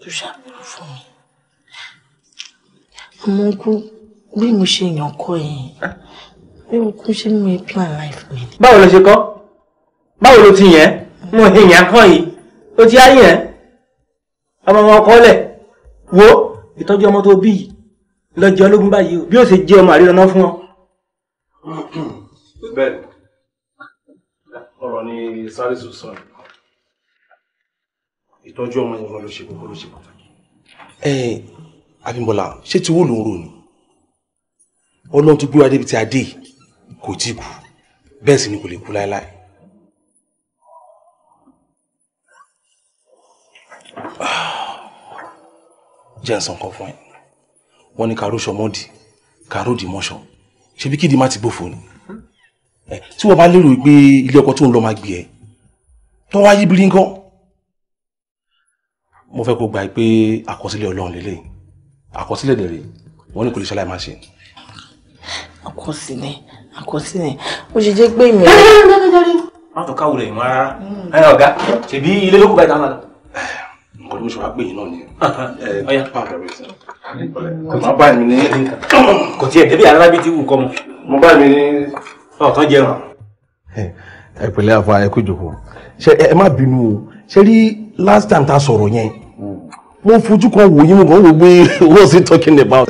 tó ṣàbùrú fún mi àmọ́ kú bí mo ṣe yàn kọ́ yẹn bí mo kú ṣe mú plan life mi. báwo lo ṣe kọ́ báwo lo ti yẹn mo èèyàn kọ́ yìí o ti á yẹn ọmọ wọn kọ́ lẹ̀ wo ìtọ́jú ọmọ tó bí yìí lọ́jọ́ ológun báyìí bí ó ṣe jẹ́ ọmọ àríraná fún ọ. bẹ́ẹ̀ ọ̀rọ̀ ni sálísù sọ ìtọ́jú ọmọ ìwọ̀n ló ṣe kókó ló ṣe pàtàkì. ẹ Abímbọ́lá ṣé ti wó ló ń rò ni Ọlọ́run tó gbé wa débi tí a dé kò tí kú bẹ́ẹ̀ sì ni kò lè kú láéláé. Ah jẹ́ ǹsán kan fún ẹ wọ́n ní kàró ṣọmọ́dì kàró dìmọ́ṣọ ṣebí kídi má ti gbófo ni tí wọ́n bá lérò pé ilé ọkọ tó ń lọ máa gbé ẹ tó wá yí bírí nǹkan mo fẹ́ kó gbà pé àkọsílẹ̀ ọlọ́run lélẹ̀ àkọsílẹ̀ dẹ̀rẹ̀ wọ́n ní kò lè ṣaláì má ṣe. àkọsílẹ̀ àkọsílẹ̀ ó ṣe jẹ́ pé mi. má tún káwulẹ̀ ìmọ̀ rárá ọ̀gá ṣèbí ilé ló kú báyìí nǹkan ló ṣe wá pè yín náà ni. ọyá eh, kò má bá mi ní. kò tiẹ̀ débi alára bíi ti wù kọ́ mu. mo bá mi ní. ọ̀tán jẹun. ẹ pẹ̀lẹ́ àfa ẹ kú ìjòkó ṣe ẹ má bínú o ṣe rí last time tá a sọ̀rọ̀ yẹn mo fojú kan wò yín mo kàn wò pé what's he talking about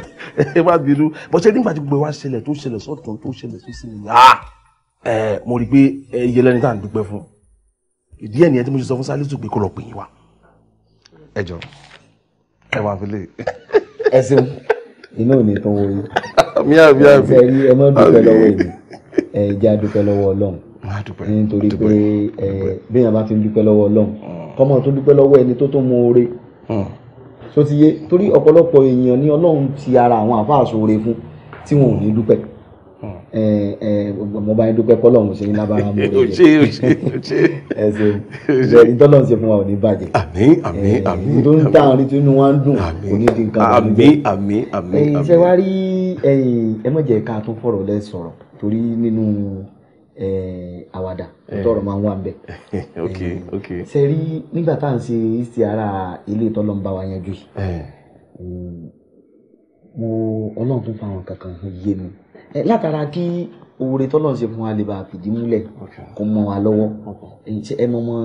ẹ má bínú bó ṣe nígbà tí gbogbo wa ṣẹlẹ̀ tó ṣẹlẹ̀ sọ́tún tó ṣẹlẹ̀ tó ṣẹlẹ̀ yá ẹ mo rí i pé ẹ yẹlẹ́ni tá à ń dúpẹ́ fún ìdí ẹ̀ nìyẹn tí mo ṣe sọ fún Sálísù pé kó lọ pè yín wá ẹ jọ ẹ wà fi lè. ẹ ṣeun inú ò ní tán wo yín. mi àbí àbí ẹ rí ẹ má dúpẹ́ lọ́wọ́ èmi ẹ jẹ́ àdúpẹ́ lọ́wọ́ ọlọ́run nítorí pé ẹ bẹ́ẹ̀ bá ti ń dúpẹ́ lọ́wọ́ ọlọ́run hmm. kọ́mọ tó dúpẹ́ lọ́wọ́ ẹni tó tó mọ oore tó hmm. ti yé torí ọ̀pọ̀lọpọ̀ èèyàn ní ọlọ́run ti ara àwọn àfáàsóore fún tí wọn ò ní dúpẹ́ mo bá yín dúpẹ́ pé Ọlọ́run ṣe yín lábára mú rẹ̀ ẹ̀sìn ìtọ́lọ́run ṣe fún wa ò ní bàjẹ́ àmín àmín àmín tó ń tà àrí tí inú wa ń dùn kò ní di nǹkan àmín àmín àmín àmín ṣe wá rí ẹ má jẹ́ ká tún fọ̀rọ̀ lẹ́ sọ̀rọ̀ torí nínú àwàdà tọrọ máa ń wà nbẹ ṣe rí nígbà tá à ń ṣe ìsì ara ilé ìtọ́lọ́run bá wa yanjú yìí mo Ọlọ́run tún fa àwọn kankan yé mi látara kí oore tọ́lọ́run ṣe fún wa lè bá fìdí múlẹ̀ kó mọ́ wa lọ́wọ́ ẹ mọ́ mọ́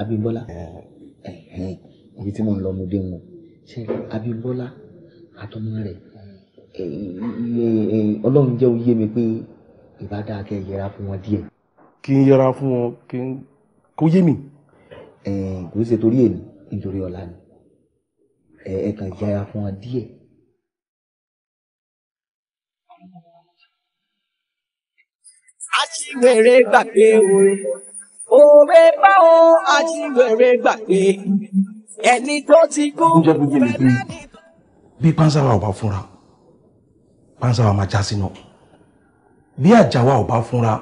Abímbọ́lá eh. ibi tí mo ń lọ mo dé mo ṣe Abímbọ́lá àtọmọ rẹ̀ ọlọ́run jẹ́ oyé mi pé ìbádá kẹ́ yẹra fún wọn díẹ̀. kí n yẹra fún wọn kí n kó yé mi. kò ṣe torí èmi nítorí ọ̀la ni ẹ̀ẹ̀kan yẹra fún wọn díẹ̀ aṣiwèrè gbàgbé òwe òwe báwo aṣiwèrè gbàgbé ẹni tó ti kú. ó jẹ́ gbogbo nìkan bí panṣáwá ò bá fúnra panṣáwá máa já sínú bí àjàwá ò bá fúnra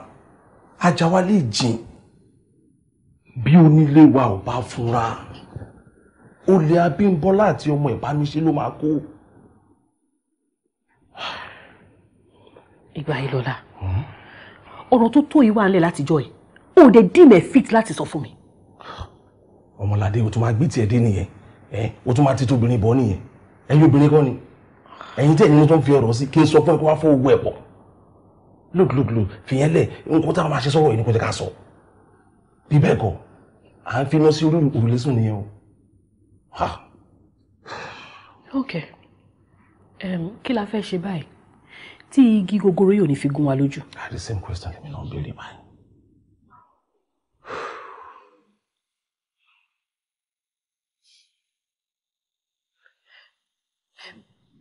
àjàwá lè jìn bí onílé wa ò bá fúnra olè Abímbọ́lá àti ọmọ ìbámiṣe ló máa kó. ìgbà ìlọ́la. Mm-hmm ọ̀rọ̀ tó tó yìí wà nílẹ̀ látijọ́ ẹ̀ o dẹ̀ dìmẹ̀ fit láti sọ fún mi. ọmọládé o tún máa gbé tiẹ̀ dé nìyẹn ẹ o tún máa ti tóbìnrin bọ́ nìyẹn ẹ̀yin obìnrin kan ni ẹ̀yin tẹ̀ nínú tó ń fi ọ̀rọ̀ sí kí n sọ fún ẹ kó wá fọ owó ẹ̀ pọ̀ lóòlóòlò fìyẹn lẹ̀ nǹkan táwọn máa ṣe sọ̀rọ̀ yìí ni kò jẹ́ ká sọ bí bẹ́ẹ̀ kọ́ à ń finá sí orí sùn nìyẹn o. ok kí la fẹ́ ṣe báyìí tí igi gogoro yóò ní fi gún wa lójú. I had the same question èmi náà béèrè báyìí.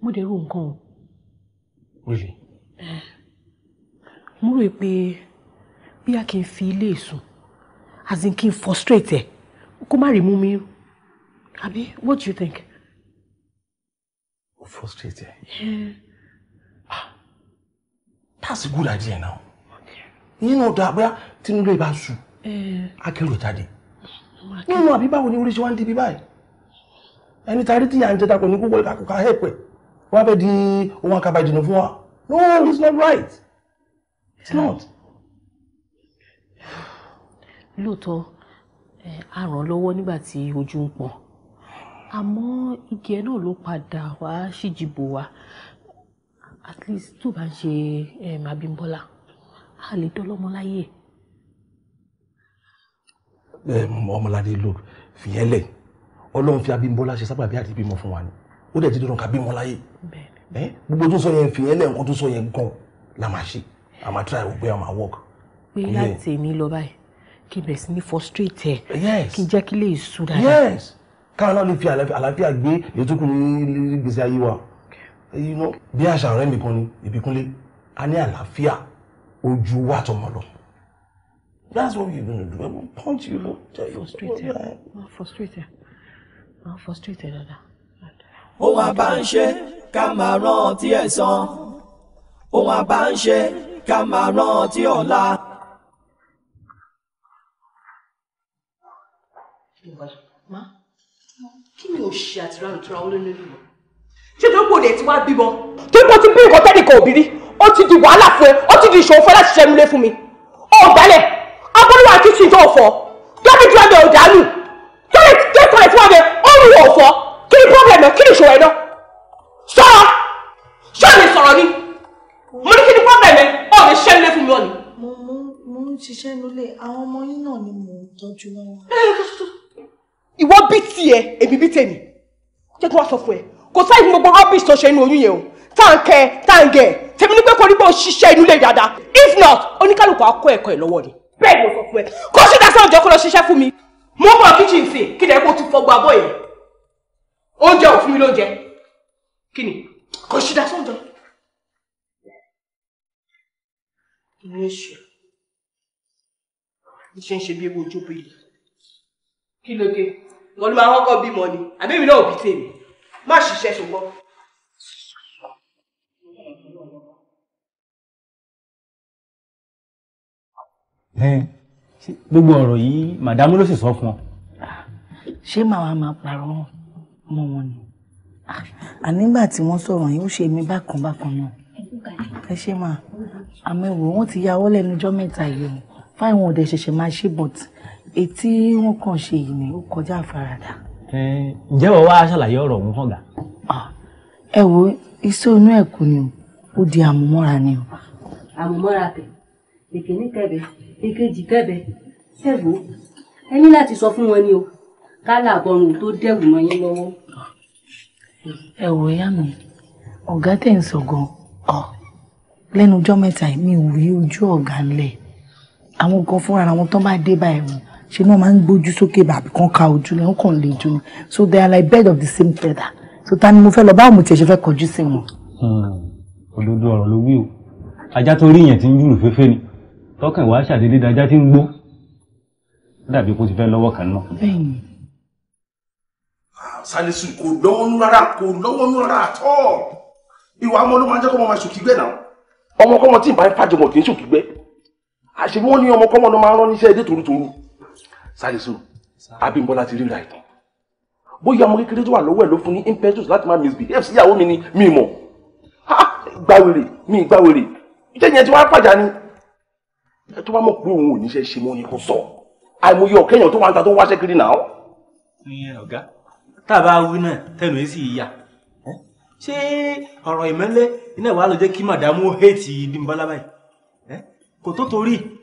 mo dẹ̀ rò nǹkan o. really. mo rò pé bí a kì í fi ilé sùn as in kí n frustrate ẹ kó má rí mú mi rú àbí what do you think. o frustrate ẹ. Yeah that's a good idea now yín náà dá bóyá tinubu bá sùn eh. akérò jáde nínú àbí báwo ni oríṣi wá ń dibi báyìí ẹni tàrí tí à ń jẹta kò ní kúkú ká kò ká hẹ́pẹ́ wọ́n á fẹ́ di ohun àkàbà ìdùnnú fún wa no it's not right it's not. lóòótọ́ eh, a ràn lọ́wọ́ nígbà tí ojú ń pọ̀ àmọ́ igi ẹ̀ náà ló padà wá wa at least tó bá ń ṣe Abímbọ́lá a lè dọ́lọ́mọ láyé. ọmọládé lò fìyẹn lẹ Ọlọ́run fi Abímbọ́lá ṣe sábàbí àti bímọ fún wa ni ó dẹ̀ ti dọ̀rọ̀ ká bímọ láyé gbogbo tó sọ yẹn fìyẹn lẹ nǹkan tó sọ yẹn gan la máa ṣe a máa try ògbé a máa work. pé láti èmi lọ báyìí kí n bẹ̀ sí ní frustrate ẹ̀ kí n jẹ́ kí lè sùn dáadáa. káwọn náà lè fi àlàáfíà gbé ètò kù ní gbèsè ayé wa bí àṣà ọ̀rẹ́ mi kan ni ìbíkúnlé a ní àlàáfíà ojú wa tọmọ lọ. That's what we're gonna do. I will punch you. Look, tell you frustrated. I'm frustrated. I'm frustrated, Dada. Ohun àbáńṣe ká máa rántí ẹ̀san. Ohun àbáńṣe ká máa rántí ọ̀la. Kí ni o ṣe àtìrántí ra olólùwọ̀? ṣé tó kò dẹ̀ ti wá bímọ. tí mo ti bí nǹkan tẹ́lẹ̀ kan òbírí ó ti di wàhálà fún ẹ ó ti di ìṣòro fún ẹ láti ṣẹnu lé fún mi. ọ̀gbálẹ̀ abọ́lúwà kìsì tó fọ́ tóbi tí wọ́n bẹ ọ̀dàánù tóbi tí wọ́n tí wọ́n bẹ ọ̀rùn ọ̀fọ́ kí ni pọ́blẹ̀mù kí ni ìṣòro ẹ̀ náà sọ̀rọ̀ ṣọ́ọ̀lì sọ̀rọ̀ ni mo ní kí ni pọ́blẹ̀mù ọ̀ lè ṣẹ́nu lé fún mi ọ̀nì. mo mo mo ń ṣiṣẹ́ nílé àwọn ọmọ yín náà ni mò ń tọ́jú lọ́wọ́. ìwọ bí tiẹ̀ èmi bí tèmi jẹ́ kò sáì fún gbogbo rubbish tó ṣe inú oyún yẹn o táǹkẹ táǹgẹ tèmi ní pé kò rí bó ṣiṣẹ́ inú ilé dáadáa if not oníkálukú akọ ẹ̀kọ́ ẹ̀ lọ́wọ́ ni bẹ́ẹ̀ ni mo sọ fún ẹ kó ṣe dáṣẹ́ òjò kó lọ ṣiṣẹ́ fún mi mo bọ̀ kíchìn sí kí ni ẹ kó ti fọgbọ abọ́ yẹn oúnjẹ ò fún mi lóúnjẹ kí ni kò ṣe dáṣẹ́ òjò. ìyẹn ṣe iṣẹ́ ń ṣe bí ewu ojú bíi kí ló dé wọn ló máa kọ́kọ́ bímọ ni àbí náà ò bí tèmi má ṣiṣẹ́ ṣùgbọ́n. gbogbo ọ̀rọ̀ yìí màdámù ló sì sọ fún ọ. ṣé màá máa parọ́ mọ́ wọn ni ànígbà tí wọ́n sọ̀rọ̀ yìí ó ṣe mí bákan bákan náà ẹ ṣe máa àmọ́ ẹ̀wò wọ́n ti yáwọ́ lẹ́nu ọjọ́ mẹ́ta yìí o fáwọn ọ̀dẹ̀ ṣẹ̀ṣẹ̀ máa ṣe bọ̀t etí wọn kàn ṣe yìí ni ó kọjá àfaradà. Eh, ǹjẹ́ wọ́n wá ṣàlàyé ọ̀rọ̀ ọ̀hún fọ̀gà. Ah, ẹ wo iṣẹ́ inú ẹ̀ kù ni o ó di àmúmọ́ra ni o. àmúmọ́ra kẹ̀ èkíní kẹ̀bẹ̀ èkejì kẹ̀bẹ̀ ṣẹ́gun ẹ ní láti sọ fún wọn ni o kálá àbọ̀rùn tó dẹ̀wù mọ́ yín lọ́wọ́. ẹ wo ìyá mi ọ̀gá tẹ̀ ń sọ gan ọ ah, lẹ́nu ọjọ́ mẹ́ta mi ò rí ojú ọ̀gá ńlẹ̀ àwọn kan fúnra wọn tán bá dé báyìí ṣe náà máa ń gbójú sókè bàbí kan ka ojú ni wọn kàn lè ju ni so they are like bed of the same feather so ta ni mo fẹ́ lọ báwo mo tiẹ̀ ṣe fẹ́ kọjú sí wọn. Hmm. òdodo ọ̀rọ̀ ló wí o ajá tó rí yẹn ti ń jùlù fẹ́fẹ́ ni tọkàn ìwà ṣàdédé dájá ti ń gbó dàbí kó ti fẹ́ lọ́wọ́ kan náà. Ah, Salisu kò lọ́wọ́ nú rárá kò lọ́wọ́ nú rárá àtọ́ ìwà ọmọ ló máa ń jẹ́ kó ọmọ máa ṣùkígbẹ́ náà ọmọkọ́mọ tí ì bá ń fàjọmọ̀ kì í ṣùkígbẹ́ àṣìwọ́n ní ọmọkọ́mọ ló máa ń rán níṣẹ́ èdè tòrútòrú sáré sùúrù Abímbọ́lá ti ríra ìtàn bóyá ọmọ kékeré tó wà lọ́wọ́ ẹ̀ ló fún ní impetus láti máa misbehave sí ìyàwó mi ni mi mọ̀ gbàwèrè mi gbàwèrè ìjẹ́ yẹn tí wọ́n á pàjá ni ẹ tó bá mọ̀ pé òun ò ní ṣe ṣe mọ́ yẹn kó sọ àìmọye ọ̀kẹ́yàn tó wà ń ta tó ń wáṣẹ́ kiri náà. ọ̀gá tá a bá wí náà tẹnu ẹ sì yà ṣé ọ̀rọ̀ ìmẹ́lẹ́ iná ìwà ló jẹ́ kí màdámù hẹ́ẹ̀tì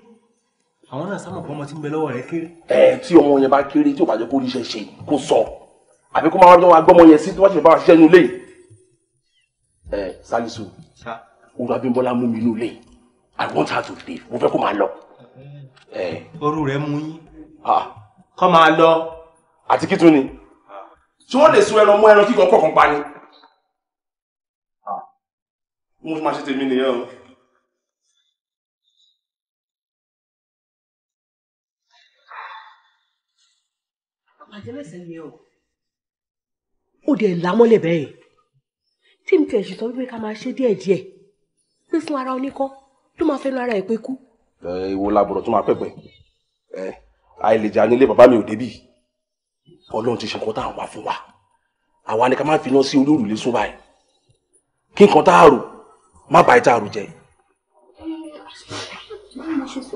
àwọn náà sámọ̀ pé ọmọ tí ń bẹ lọ́wọ́ rẹ kéré. ẹ tí ọmọ yẹn bá kéré tí ò bá jẹ kó rí iṣẹ́ ṣe kó sọ àbí kó máa wájú wọn agbọmọ yẹn sí tí wọn ṣe bá wa ṣiṣẹ́ nínú ilé ẹ Salisu olú Abímbọ́lá mú mi nínú ilé I want her to leave mo fẹ́ kó máa lọ. oru rẹ mú yín kọ́ máa lọ. àti kí tún ni tí wọ́n lè sun ẹran mọ́ ẹran kíkan kọ̀ọ̀kan pa ni. mo máa ṣe tèmi nìyẹn o. pàjẹ́lẹ̀sẹ̀ ni ẹ o ó dẹ̀ lámọ́lẹ̀ bẹ́ẹ̀ tí mi tẹ̀ ṣùtọ́ wípé ká máa ṣe díẹ̀ díẹ̀ pé fún ara oníkọ́ tó máa fẹ́nu ara ẹ̀ pé kú. ìwo làbọ̀rọ̀ tó máa pẹ̀pẹ̀ ẹ àìlèjà nílé bàbá mi ò débì ọlọ́run ti ṣe nǹkan tá à ń wá fún wa àwa ni ká máa fi iná sí olórùlé sún báyìí kí nǹkan tá a rò má bàa tá a rò jẹ.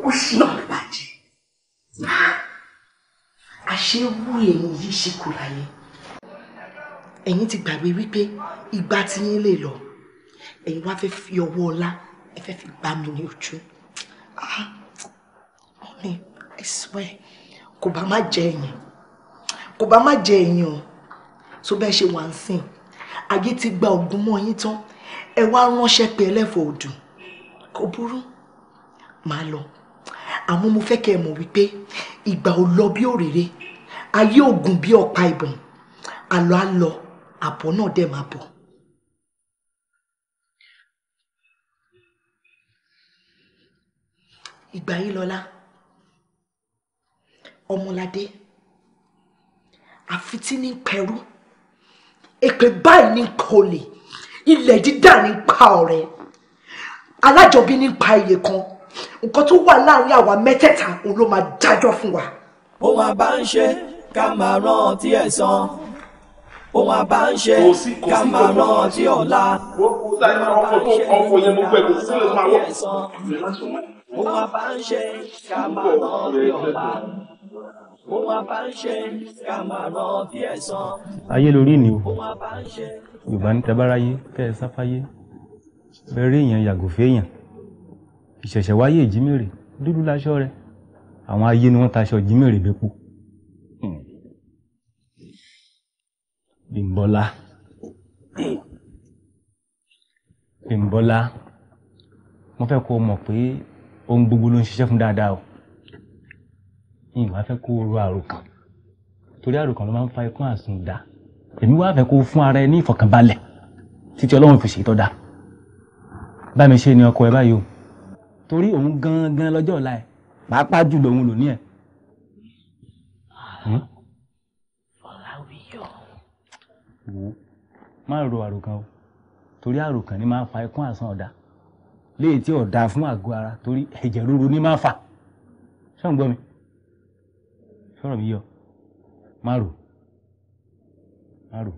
ó ṣì náà bàjẹ́ àṣewú èyí yìí ṣe kù láyé ẹ̀yin ti gbàgbé wípé ìgbà tí yín lè lọ ẹ̀yin wá fẹ́ fi ọwọ́ ọlá ẹ fẹ́ fi gbá mi ní ojú ah, mọ́mí i swear kò bá má jẹ ẹ̀yìn kò bá má jẹ ẹ̀yìn o tó bẹ́ẹ̀ ṣe wà ń sìn ayé ti gba ògùn mọ́ yín tán ẹ wá ránṣẹ́ pé ẹlẹ́fọ̀ọ́ òdùn kò burú màá lọ àmọ́ mo fẹ́ kẹ́ ẹ mọ̀ wípé ìgbà ò lọ bí òrèrè ayé ògùn bí ọ̀pá ìbọn àlọ́ á lọ àbọ̀ náà dẹ̀ máa bọ̀. ìgbà yìí lọ́lá ọmọládé àfi tí ní pẹ̀rú èpè báyìí ní kọlẹ̀ ilẹ̀ dídà ní pa ọ̀rẹ́ alájọbí ní pa iye kan nǹkan tó wà láàrin àwa mẹ́tẹ̀ẹ̀ta òun ló máa dájọ́ fún wa. ó máa ń ṣe ká máa rántí ẹ̀san ó máa bá ń ṣe ká máa rántí ọ̀la. ó máa ń ṣe ká máa rántí ọ̀la ó máa bá ń ṣe ká máa rántí ẹ̀san. ayé lórí ni o yorùbá ní tabaráyé kẹ́ ẹ sáfáyé bẹ́ẹ̀ rí èèyàn yàgò fẹ́yàn ìṣẹ̀ṣẹ̀ wáyé ìjímèrè dúdú láṣọ rẹ̀ àwọn ayé ni wọ́n taṣọ ìjímèrè lépo. Hmm. Bímbọ́lá Bímbọ́lá mo fẹ́ kó o mọ̀ pé ohun gbogbo ló ń ṣiṣẹ́ fún dáadáa o ìwà fẹ́ kó ro àròkàn torí àròkàn ló máa ń fa ikú àsundà èmi wá fẹ́ kó fún ara ẹ ní ìfọ̀kànbalẹ̀ títí ọlọ́run fi ṣètọ́ da bá ṣe ni ọkọ ẹ báyìí o torí òun gangan lọ́jọ́ ọ̀la ẹ̀ pàápàá jùlọ òun lò ní ẹ̀. Fọláwíyọ̀. wò ó má ro àròkàn o torí àròkàn ni máa fa ikún àsan ọ̀dà léyìí tí ọ̀dà fún àgọ́ ara torí ẹ̀jẹ̀ ríru ni máa fà ṣọ́n gbọ́ mi sọ̀rọ̀ mi yọ má rò má rò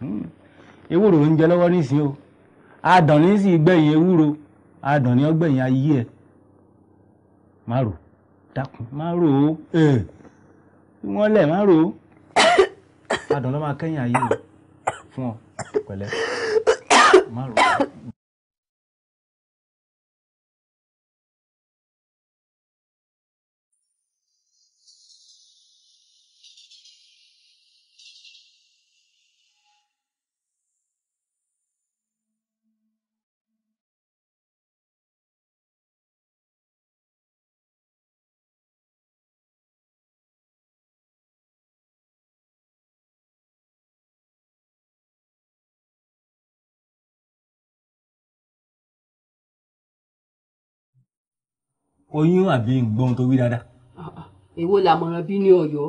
hmm. ewúro ń jẹ lọ́wọ́ nísìnyí o adàn nísìnyí gbẹ̀yìn ewúro. adùn ní ọgbẹ̀yìn ayé ẹ̀ má rò dákun má rò ó wọ́n lẹ̀ má rò ó adùn ló máa ayé fún ọ pẹ̀lẹ́ má oyún àbí ngbọ́n tó wí dáadáa. Ah, ah. èwo làmọ̀ràn bí ní ọ̀yọ́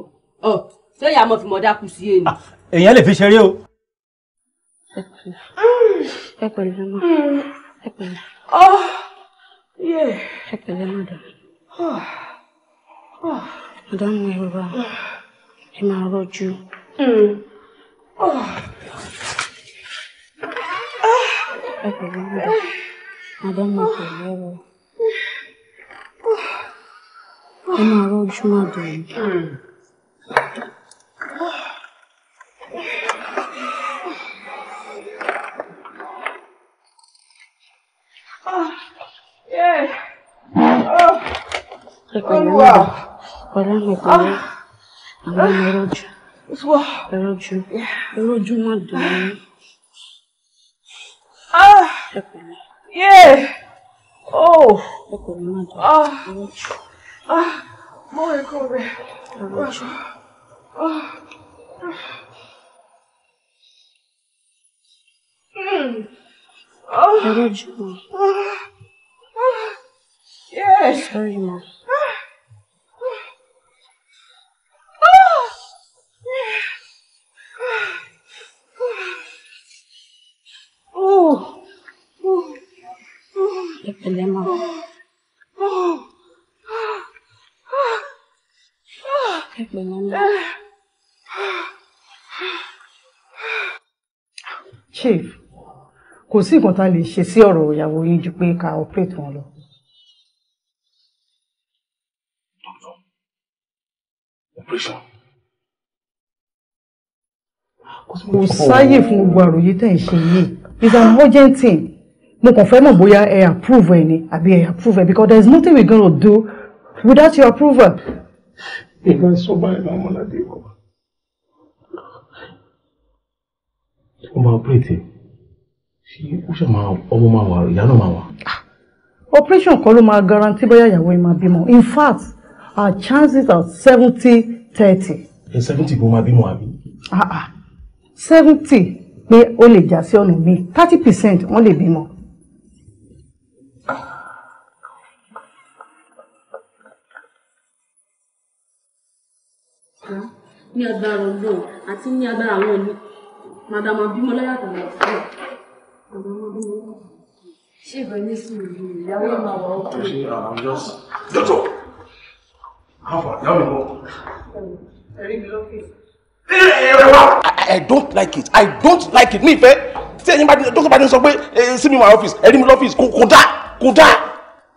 ọ sẹ́yìn àmọ́ fìmọ̀ dákú sí èyí. Ah, èèyàn lè fi ṣeré o. ẹ pẹ̀lẹ́ mọ́ ẹ pẹ̀lẹ́. ẹ pẹ̀lẹ́ mọ́dàmú. Oh, mọ́dàmú oh, oh. ẹ wá ẹ máa rọ́jú. Hmm. ẹ pẹ̀lẹ́ mọ́dàmú mọ́dàmú ẹ pẹ̀lẹ́ o. Ah, máa rọ́jú má bẹ̀rù. ẹ pẹ̀lú ọ̀la ọ̀la mi pẹ̀lú àwọn ọmọ rọ́jú rọ́jú rọ́jú má bẹ̀rù. Ah! Yeah! Oh! Look at Ah! Mọ nǹkan rẹ̀. Ẹ̀rọ Oh. ẹ pẹ̀lú chief kò sí nǹkan tá a lè ṣe sí ọ̀rọ̀ ìyàwó yín ju pé ká operate wọn lọ. doctor operation. kò sáyè fún gbogbo àròyé tẹ̀ ń ṣe yìí it's an urgent thing mo kàn fẹ́ mọ̀ bóyá ẹ approve ẹ ni àbí ẹ approve ẹ because there is nothing we gonna do without your approval ìran sọ báyìí láwọn ọmọládé kọ. ó máa pètè ṣé ó ṣe máa ọmọ máa wà ìyá náà máa wà. operation kan ló máa guarantee bóyá ìyàwó ẹ máa bímọ in fact our chances are seventy thirty. ẹ seventy kò máa bímọ àbí. Ah, ah. seventy pé ó lè já sí ọ̀nà míì thirty percent wọ́n lè bímọ. kan ní agbára ọlọ́run àti ní agbára àwọn ẹni màdàmà bímọ lọ́yà lọ sílẹ̀ màdàmà ṣé ìbọn ní ìyàwó máa wà ó kéré. dọ́tọ̀ how far yàwó mi bọ̀. ẹ̀rí mi lọ́fíìsì. I don't like it. I don't like it. Mi fẹ́ tí ẹni bá ní dókítà bá ní sọ pé sí mi my office ẹ̀rí mi lọ́fíìsì kò dá kò dá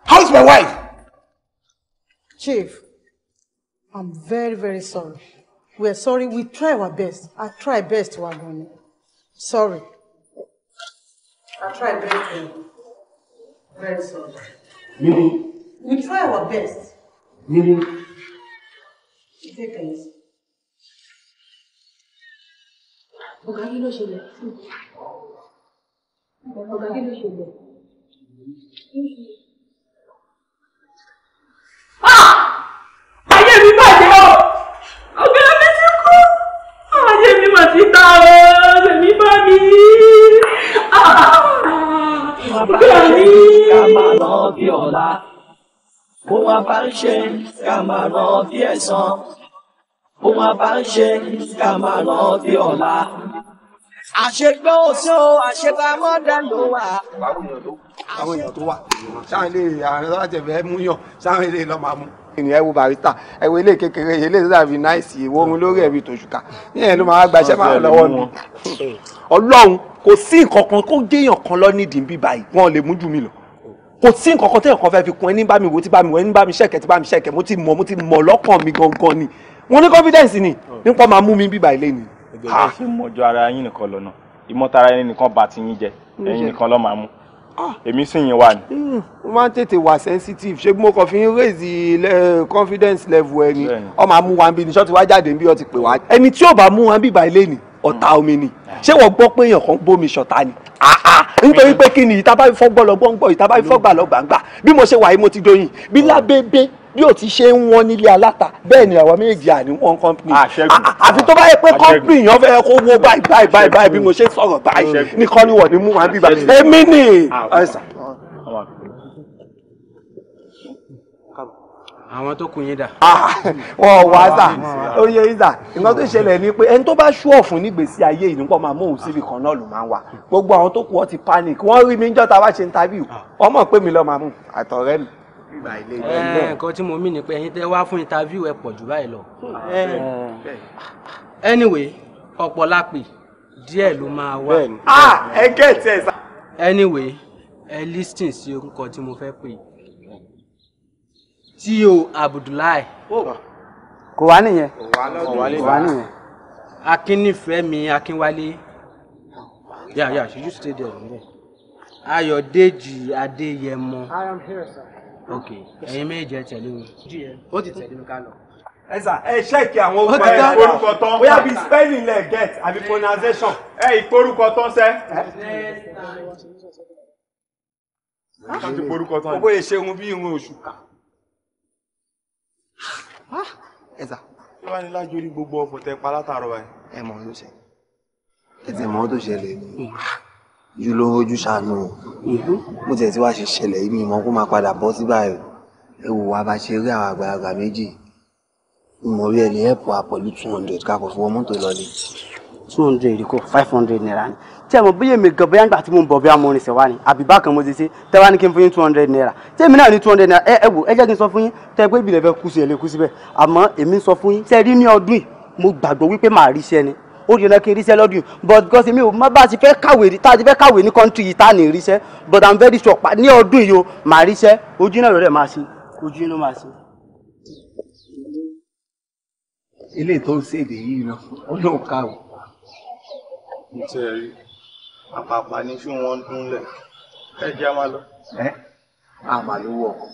how is my wife. Chief, I'm very, very sorry. We are sorry. We try our best. I try best, Wagoni. Sorry. I try best. Eh? Very sorry. Meaning? We try our best. Meaning? Take it easy. Ọ̀gá kí ló ṣẹlẹ̀? Ọ̀gá Ah! síta o mi. Bẹ́ẹ̀ ni. Ká máa lọ bí ọ̀la. Bó máa bá ṣe ká máa àṣepamọ́ dánú wa. Àwọn èèyàn tó wà sáwọn ilé àwọn ẹ̀rọ àtẹ̀fẹ́ mú yàn sáwọn ilé lọ́ọ́ máa mú ènìyàn ẹwọ barista ẹwọ ilé kékeré ilé tó dàbí náìsì ìwọ ohun lórí ẹbí tòṣùkà yẹn ló máa gbaṣẹ́ máa lọ́wọ́ mi. Ọlọ́run kò sí nǹkan kan kó géèyàn kan lọ nídìí bí báyìí wọn lè mú jù mí lọ kò sí nǹkan kan téèyàn kan fẹ́ fi kun ẹni bá mi wò tí bá mi wò ẹni bá mi ṣẹ̀kẹ̀ tí bá mi ṣẹ̀kẹ̀ mo ti mọ̀ mo ti mọ̀ lọ́kàn mi gangan ni mo ní confidence ni nípa máa mú mi bíbá ilé ni. ẹgbẹ́ ìgbésẹ̀ mọ̀jọ́ ara yín nìkan lọ́nà ìmọ̀tara ẹni nìkan bá ti yín jẹ ẹ̀yin nìkan ló máa mú. Ah. èmi sì yín wà ní. ó hmm, máa ń tètè wà sensitive ṣé mo kàn fi ń raise confidence level ẹni ọmọ àmú wa ń bí ni ṣọ́ọ̀tì wá jáde ń bí ọ ti pè wá. ẹni tí yóò bá mú wa ń bí ìbá ilé ni ọ̀tá omi ni eh. ṣé wọ́n gbọ́ pé èèyàn kan bómi ṣọ̀tá ni ah, ah. nítorí pé kí ni ìta bá fọ́gbọ́ lọ gbọ́ngbọ́ ìta bá fọ́gbà lọ gbàngbà bí mo ṣe wà yìí mo ti doyin bí lábẹ́bẹ́ bí o ti ṣe ń wọ́n nílé aláta bẹ́ẹ̀ ni àwa méjì àní wọ́n company ah, ah, ah, àfi tó bá yẹ pé company yẹn fẹ́ kó wo báyìí báyìí báyìí báyìí bí mo ṣe sọ̀rọ̀ báyìí ní kọ́ni wọ̀ ni mú wa bíbá èmi ni. àwọn tó kun yín dà. wọn wá sà oyè ìsà nǹkan tó ṣẹlẹ̀ ni pé ẹni tó bá ṣú ọ̀fun nígbèsí ayé yìí nípa máa móhùn síbi kan náà ló máa ń wà gbogbo àwọn tó kù ọ ti panic wọ́n rí mi ń jọ́ta wá ṣe ń tabi ọmọ pé mi lọ́ọ́ máa mú àtọ̀rẹ́ mi bíbá ilé yìí. nǹkan tí mo mí ni pé ẹ̀yin tẹ́ wá fún interview ẹ pọ̀ jù báyìí lọ. Hmm. Ah, anyway ọ̀pọ̀ la pè díẹ̀ ló máa wá. Ah, ẹ gẹ́ ẹ̀ tẹ̀ sá. anyway ẹ listing sí orúkọ tí mo fẹ́ pè tí Abdullahi. Oh. kò wá nìyẹn kò wá nìyẹn. Akínnífẹ̀mí Akínwálé yeah yeah she just stay there. Adéyẹmọ. I am here sir ok ẹ̀yin méje tẹ̀lé o ó ti tẹ̀lé mi ká lọ. ẹ sà ẹ ṣẹ́ẹ̀kì àwọn orúkọ ẹ orúkọ tán bóyá bíi spelling lẹ get àbí pronunciation ẹ ìporúkọ tán sẹ. láti porúkọ tán. owó ìṣeun bí irun oṣù ká. ẹ sà. kí wàá ní lájú orí gbogbo ọkọ̀ tẹ pa látàárọ̀ báyìí. ẹ mọ̀ ọ́n tó ṣẹlẹ̀ ẹ ti mọ̀ ọ́n tó ṣẹlẹ̀ ni. Mm ju ló ń rojú ṣàánú o mhm. mo tiẹ̀ ti wá ṣe ṣẹlẹ̀ yìí mi mọ̀ kó máa padà bọ́ sí báyìí ẹ wò wá bá ṣe rí àwọn àgbàlagbà méjì mo rí ẹni ẹ̀pọ̀ wa two hundred kakọ̀ fún mọ́tò lọ́lẹ̀. two hundred kò five hundred naira ni tí ẹ mọ̀ bóyá èmi gan bóyá nígbà tí mo ń bọ̀ bóyá mo rìn wá ni àbí bákan mo ti ṣe tẹ́ wá kí n fún yín two hundred naira tí èmi náà ní two hundred naira ẹ ẹ wò ẹ jẹ́ kí n sọ fún yín tẹ́ ẹ pé ìbílẹ̀ fẹ́ kú sí ẹ lè kú síbẹ̀ àmọ́ èmi ń sọ fún yín tẹ́ rí ní ọdún yìí mo gbàgbọ́ wípé màá ríṣẹ́ ni ó rí lọ́kẹ́ ríṣẹ́ lọ́dún but because mi ò má bá ti fẹ́ kàwé tá a ti fẹ́ kàwé ní country yìí tá a ní ríṣẹ́ but i'm very sure pa ní ọdún yìí o màá ríṣẹ́ ojú náà lọ́dẹ̀ máa ṣe ojú inú máa ṣe. ilé tó ń ṣèdè yìí lọ ó lóun kàwé. mo ti rí àpàpà ní fí wọ́n ń dúnlẹ̀ ẹ jẹ́ máa ẹ àmàlówó ọkọ̀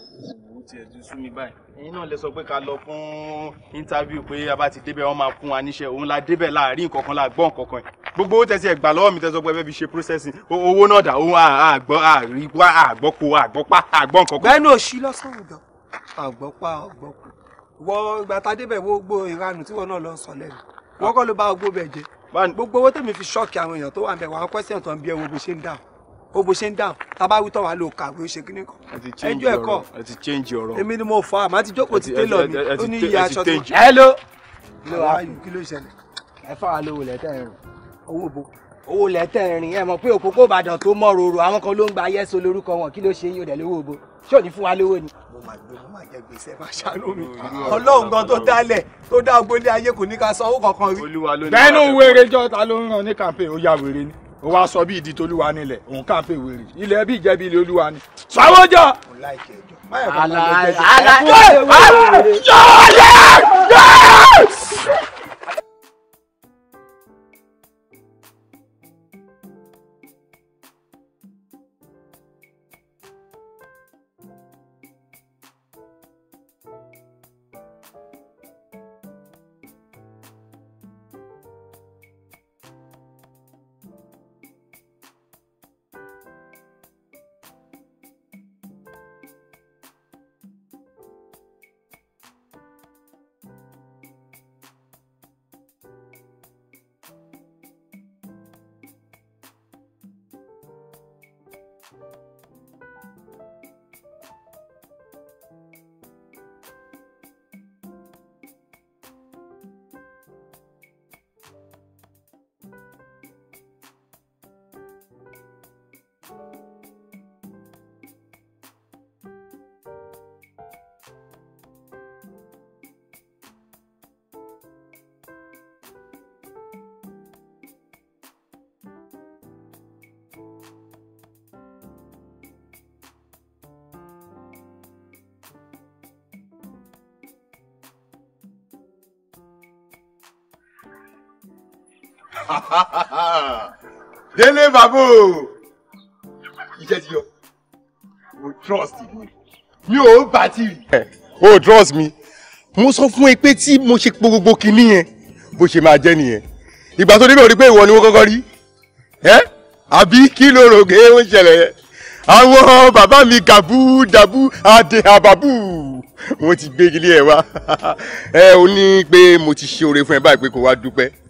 tiẹ̀ ti sú mi báyìí. ẹ̀yin náà lè sọ pé ká lọ fún interview pé a bá ti débẹ̀ wọ́n máa fún wa níṣẹ́ òun la débẹ̀ láàrin kankan la gbọ́n kankan ẹ̀ gbogbo owó tẹ̀sí ẹ̀ gbà lọ́wọ́ mi tẹ̀sọ́ pé ẹ fi ṣe processing owó náà dà owó àgbọ́ àríwá àgbọ́po àgbọ́pá àgbọ́n kankan. bẹ́ẹ̀ ni òṣì lọ́sàn ọ̀dọ̀ àgbọ́pá àgbọ́po wọ ìgbà débẹ̀ wọ́n á o bó ṣe ń dáhùn tábà wí tán ló kàwé ṣe kí ni kọ ẹjọ ẹ ti change ọ̀rọ̀ èmi ni mo fọ àmọ́ àti jókòó ti télọ̀ mi ó ní iye aṣọ tó wà. hello ló wá yù kí ló ṣẹlẹ̀. ẹ fà wá lówó lẹ́tẹ̀ rìn owó bo owó lẹ́tẹ̀ rìn ẹ mọ̀ pé òkókó Ìbàdàn tó mọ̀ rorò àwọn kan ló ń gba ayẹ́sọ lórúkọ wọn kí ló ṣe yín ó dẹ̀ lówó bo ṣé ò ní fún wa lówó ni. mo máa gbé mo máa jẹ gbèsè máa ṣàánú Ọlọ́run gan tó dálẹ̀ tó dá ó wá sọ bí ìdí tolúwa nílẹ̀ òun kàn pé wèrè ilẹ̀ bí ìjẹ́bi ilé olúwa ni. sàwọ́jọ́. aláìsàn aláìsàn. délé bàbá o iṣẹ́ ti yọ trust mi You ò bá ti rí. trust me. mo sọ fún ẹ pé tí mo ṣe po gbogbo kinní yẹn bó ṣe máa jẹ́ nìyẹn ìgbà tó débẹ̀ ò rí pé ìwọ ni wọ́n kọ́kọ́ rí ẹ́ àbí kí ló rògé ó ń ṣẹlẹ̀ yẹn àwọn bàbá mi gàbú dàbú adé àbàbù wọn ti gbé ilé ẹ wá ẹ ò ní mo ti ṣe oore fún ẹ báyìí pé kò wá dúpẹ́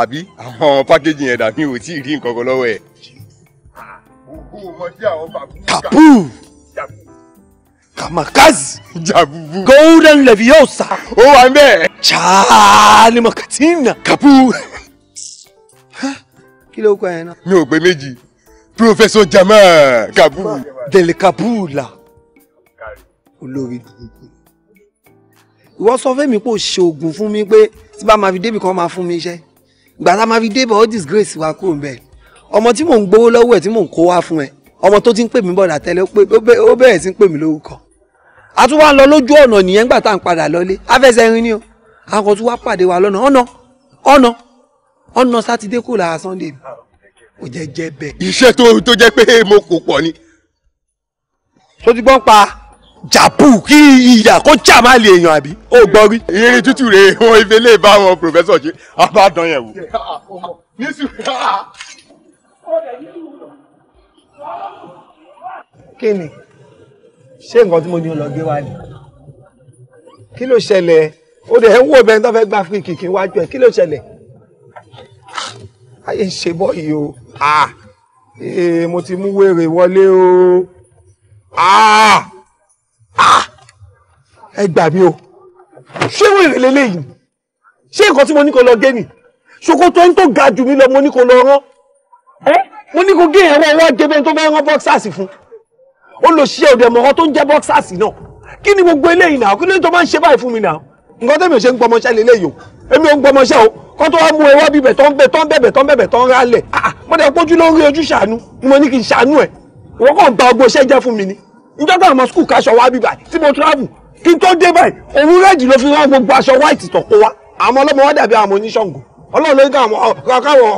àbí àwọn pákéjì yẹn dàbí ò tí ì rí nǹkan kan lọ́wọ́ ẹ̀. kapu kamakazi jabubu golden leviosa ó wà ńbẹ̀. chaani makatina. kapu. kí ló kọ ẹ náà. mi ò pé méjì professor Jamal kapu. dele kapu la olórí dùdú ìwọ sọ fẹ́mi pé o ṣe oògùn fún mi pé tí bá máa fi débì kan máa fún mi iṣẹ́ gbàtà máa fi débọ̀ ó disgrace wa kúrò nbẹ̀ ọmọ tí mò ń gbowó lọ́wọ́ ẹ̀ tí mò ń kó wá fún ẹ ọmọ tó ti ń pè mí bọ̀dà tẹ́lẹ̀ ó bẹ̀rẹ̀ sí ń pè mí lórúkọ a tún wá lọ lójú ọ̀nà nìyẹn gbà tá à ń padà lọlé afẹsẹ̀ rin ni o àwọn kan tún wá pàdé wa lọ́nà ọ̀nà ọ̀nà ọ̀nà sátidé kò lára sunday mi ò jẹ́ jẹ́ bẹ́ẹ̀. iṣẹ́ tó tó jẹ́ pé mo kò pọ̀ ni. tó ti gbọ́n pa jàpù kí ìyà kó jà má lè èèyàn àbí ó gbọ́ rí. irin tútù rèé wọn ife lè bá wọn pòfẹ́sọ̀ ṣe abádan yẹn wò. kí ni ṣé nǹkan tí mo ní lọ gbé wá ni kí ló ṣẹlẹ̀ ó dẹ̀ ń wò bẹ́ẹ̀ tó fẹ́ gbà fún kìkì wájú ẹ̀ kí ló ṣẹlẹ̀ ayé ń ṣe bọ́ yìí o ah! mo ti mú wèrè wọlé o. Ah! ẹ gbà mí o ṣé wọ́n ìrìn lélẹ́yìn ṣé nǹkan tí mo ní kó lọ gé nì ṣòkòtò ń tó ga jù mí lọ mo ní kó lọ rán mo ní kó gé yẹn wọ́n wọ́n jẹ́ bẹ́ẹ̀ tó fẹ́ rán bọ́ksàsì fún ó lọ ṣiṣẹ́ òde ọmọ tó ń jẹ́ bọ́ksàsì náà kí ni gbogbo eléyìí náà kí ló tó máa ń ṣe báyìí fún mi náà nǹkan tẹ́mi ò ṣe ń gbọmọṣẹ́ lélẹ́yìí o èmi ò ń gbọmọṣẹ́ o kó tó wá mú ewá bíbẹ̀ tó ń bẹ̀ tó ń bẹ̀bẹ̀ tó ń bẹ̀bẹ̀ tó ń rálẹ̀ ah, ah, mo dẹ̀ pójú lórí ojú ṣàánú mo ní kí n ṣàánú ẹ̀ ìwọ́n kàn ba ọgbọ́n iṣẹ́ fún mi ni njọ́dọ̀ àmọ́ skul kaṣọ wa bíbà tí mo travel kí n tó dé báyìí òun rẹ́ẹ̀dì ló fi rán gbogbo aṣọ white tó kó wa àmọ́ ọlọ́mọ wa dàbí àwọn oníṣàngó ọlọ́run ló ń káwọn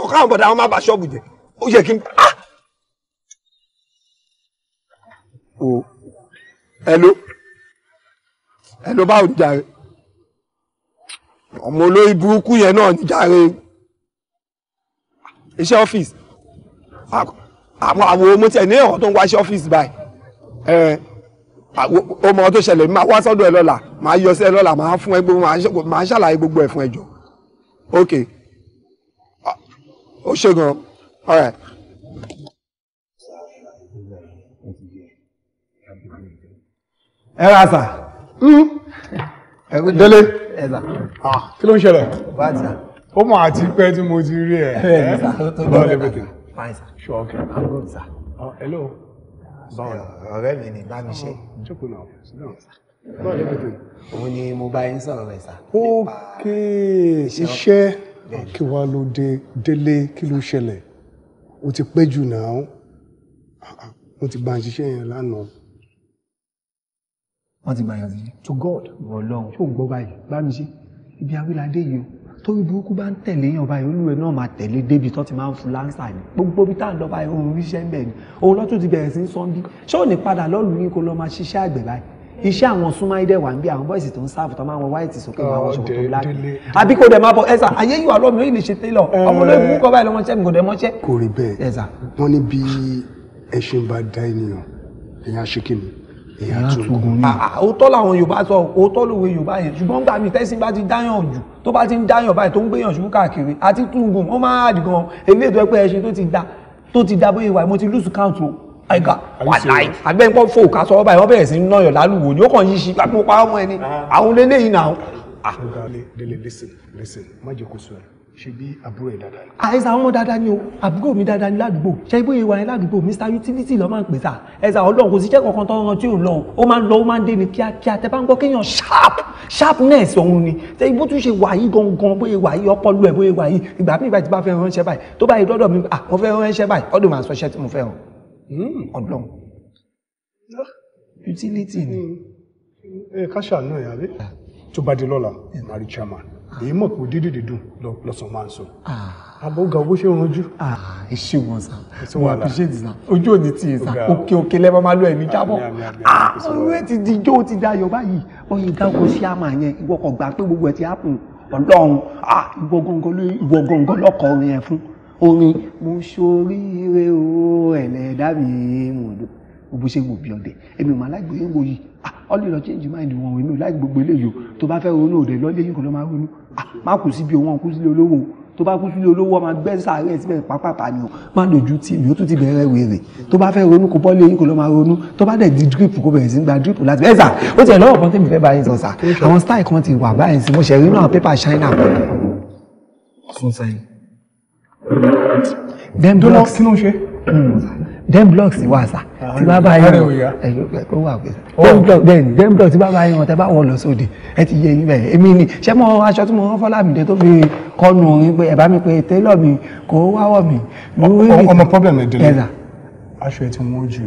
káwọn bọ̀dà wọn má ba ṣọ́ọ̀bù jẹ ó yẹ kí n. Ah! o hello hello báwo ni jàre ọmọ olórí burúkú yẹn náà ni jàre iṣẹ́ ọ́fíìsì àwọn àwọn ọmọ tí ẹ̀ ní ẹ̀rọ tó ń wá iṣẹ́ ọ́fíìsì báyìí ẹ ọmọ tó ṣẹlẹ̀ máa wá sọ́dọ̀ ẹ lọ́la máa yọ sí ẹ lọ́la máa fún ẹ gbogbo máa ṣàlàyé gbogbo ẹ fún ẹ jọ ok ó ṣe gan all right. ẹ ra sà hmm? délé kí ló ń ṣẹlẹ̀ ó mọ̀ àti pẹ́ tí mo ti rí ẹ̀ ẹ̀ bá lè bètè. Fine, sir. Sure, okay. I'm good, sir. Oh, hello báwo ọ̀rẹ́ mi ni bá mi ṣe. jókòó náà sílẹ̀ báwo ló bẹ̀rẹ̀. òun ni mo bá yín sọ̀rọ̀ rẹ̀ sá. ókè iṣẹ́ kí wàá ló dé délé kí ló ṣẹlẹ̀ o ti pẹ́ jù náà ah, ah, mo ti gbà ń ṣiṣẹ́ yẹn lánàá. wọ́n ti gbà yàn to God ọlọ́run ṣé o gbọ́ báyìí bá mi ṣe ibi awíládé yìí torí burúkú bá ń tẹ̀lé yàn báyìí olúwe náà máa tẹ̀lé débi tó ti máa ń fún láǹsà ni gbogbo bí tá à ń lọ báyìí òun ríṣẹ́ ń bẹ̀ ni òun lọ́tún ti bẹ̀rẹ̀ sí ń sọ́n bí ṣé ò ní padà lọ́ọ̀lù yín kó lọ máa ṣiṣẹ́ àgbẹ̀ báyìí iṣẹ́ àwọn súnmọ́ ìdẹ̀ wà ń bí àwọn bọ́ìsì tó ń sáàfù tó máa ń wọ wáìtì sókè máa wọ ṣòkòtò láti àbí kò dẹ̀ máa bọ̀ ẹ̀sà ayé yìí wà lọ́mọ yìí lè ṣe télọ̀ ọmọ olóògùn kọ́ báyìí lọ́mọṣẹ́ kò dẹ̀ mọ́ṣẹ́. kò rí bẹ́ẹ̀ wọ́n ní bí ẹṣin bá dá ènìyàn ẹ̀yìn aṣèkìnnì èèyàn àtúgùn ni. Ah, ah, òótọ́ làwọn yorùbá sọ òótọ́ lòwe yorùbá yẹn ṣùgbọ́n gbà mí tẹ́sí bá ti dáyàn jù tó bá ti ń dáyàn báyìí tó ń gbéyàn ṣubú káàkiri àti túgùn wọ́n máa dì gan eléyìí tó ẹgbẹ́ ẹṣin tó ti da tó ti da bóyá ìwà mo ti lùsù káàtó àìgà wàláì àgbẹ̀ńpọ̀ fò ká sọ báyìí wọ́n bẹ̀rẹ̀ sí ń náyàn lálùwò ni ó kàn yí sí pàpọ̀ ẹni ah. àwọn lélẹ́yìn náà. listen listen má jẹ́ kó sọ ẹ̀ ṣe bí àbúrò ẹ̀ dáadáa ni. àìsàn ah, àwọn dáadáa ni o àbúrò mi dáadáa ni ládùúgbò ṣe ibóye wa ni ládùúgbò Mr Utility ló máa ń pè sá ẹ̀sà ọlọ́run kò sí iṣẹ́ kankan tó ń rántí òun lọ ó máa ń lọ ó máa ń dé ní kíákíá tẹ bá ń gbọ́ kéèyàn sharp sharpness òun ni ṣe ibó tún ṣe wà yí gangan bóye wà yí ọpọlọ ẹ̀ bóye wà yí ìgbà mi ìbá ti bá fẹ́ ránṣẹ́ báyìí tó bá yí dọ́dọ̀ mi ah mo fẹ́ ránṣẹ́ báyìí ọdún máa sọ iṣẹ́ tí mo fẹ́ ràn hmm, ọlọ́run Utility ni. Hmm. ẹ ká ṣàánú ẹ àbí ah. tó bá di lọ́la mari chairman. Ah. èyí mọ̀ pé dídì dídùn lọ́sàn máa ń sọ. Ah. àbọ̀gà owó ṣe ranjú. Ah, ẹ ṣe wọn sá mo appreciate sá ojú òní tí yẹn sá òkè òkè lẹ́ẹ̀ máa lọ ẹ̀mí jábọ̀ ọ̀rọ̀ ẹ ti di ijó ó ti dayọ̀ báyìí ọ̀yìn gáwó sí àmà yẹn ìwọ kò gbà pé gbogbo ẹ̀ ti hápùn ọlọ́run ìwọ gọ́ngọ́ lọ́kọ̀ orin ẹ̀ fún orin mo ṣoríire o ẹ̀lẹ́dàbí mòdò bó ṣe wò bí ọdẹ èmi ò máa láì gbòye wò yìí ah ọlẹ́ lọ change mind wọn èmi ò láì gbogbo eléyìí o tó bá fẹ́ ronú òde lọ́lé yìí kan ló máa ronú ah má kù síbi òun ọ̀hún kú sílé olówó tó bá kú sílé olówó ọmọ gbẹ́ sàárẹ̀ síbẹ̀ pápápá ni o má dojú tì mí ó tún ti bẹ̀rẹ̀ wèrè tó bá fẹ́ ronú kó bọ́lé yìí kan ló máa ronú tó bá dẹ̀ di drip kó bẹ̀rẹ̀ sí gba drip láti bẹ́ẹ̀ sà ó tiẹ̀ lọ́wọ́ kan tèmi fẹ́ bá yín sọ sà àwọn style kan ti wà báyìí sí mo ṣe rí náà pépà China. dem blocks kí ló ń ṣe. Hmm dem blocks wà sà ah, tí bá bá yín ẹ̀yọ́ wà pé oh. dem blocks bẹ́ẹ̀ni dem blocks tí bá bá yín wọn tẹ bá wọ lọ sóde ẹ ti yẹ yín bẹ́ẹ̀ èmi ni ṣé mo aṣọ tí mo rán Fọlámídé tó fi kọnu orin pé ẹ̀ bá mi pé tẹ́lọ̀ mi kò wáwọ̀ mi. ọmọ problem ẹ̀ délé aṣọ ẹ̀ ti wọ́n jù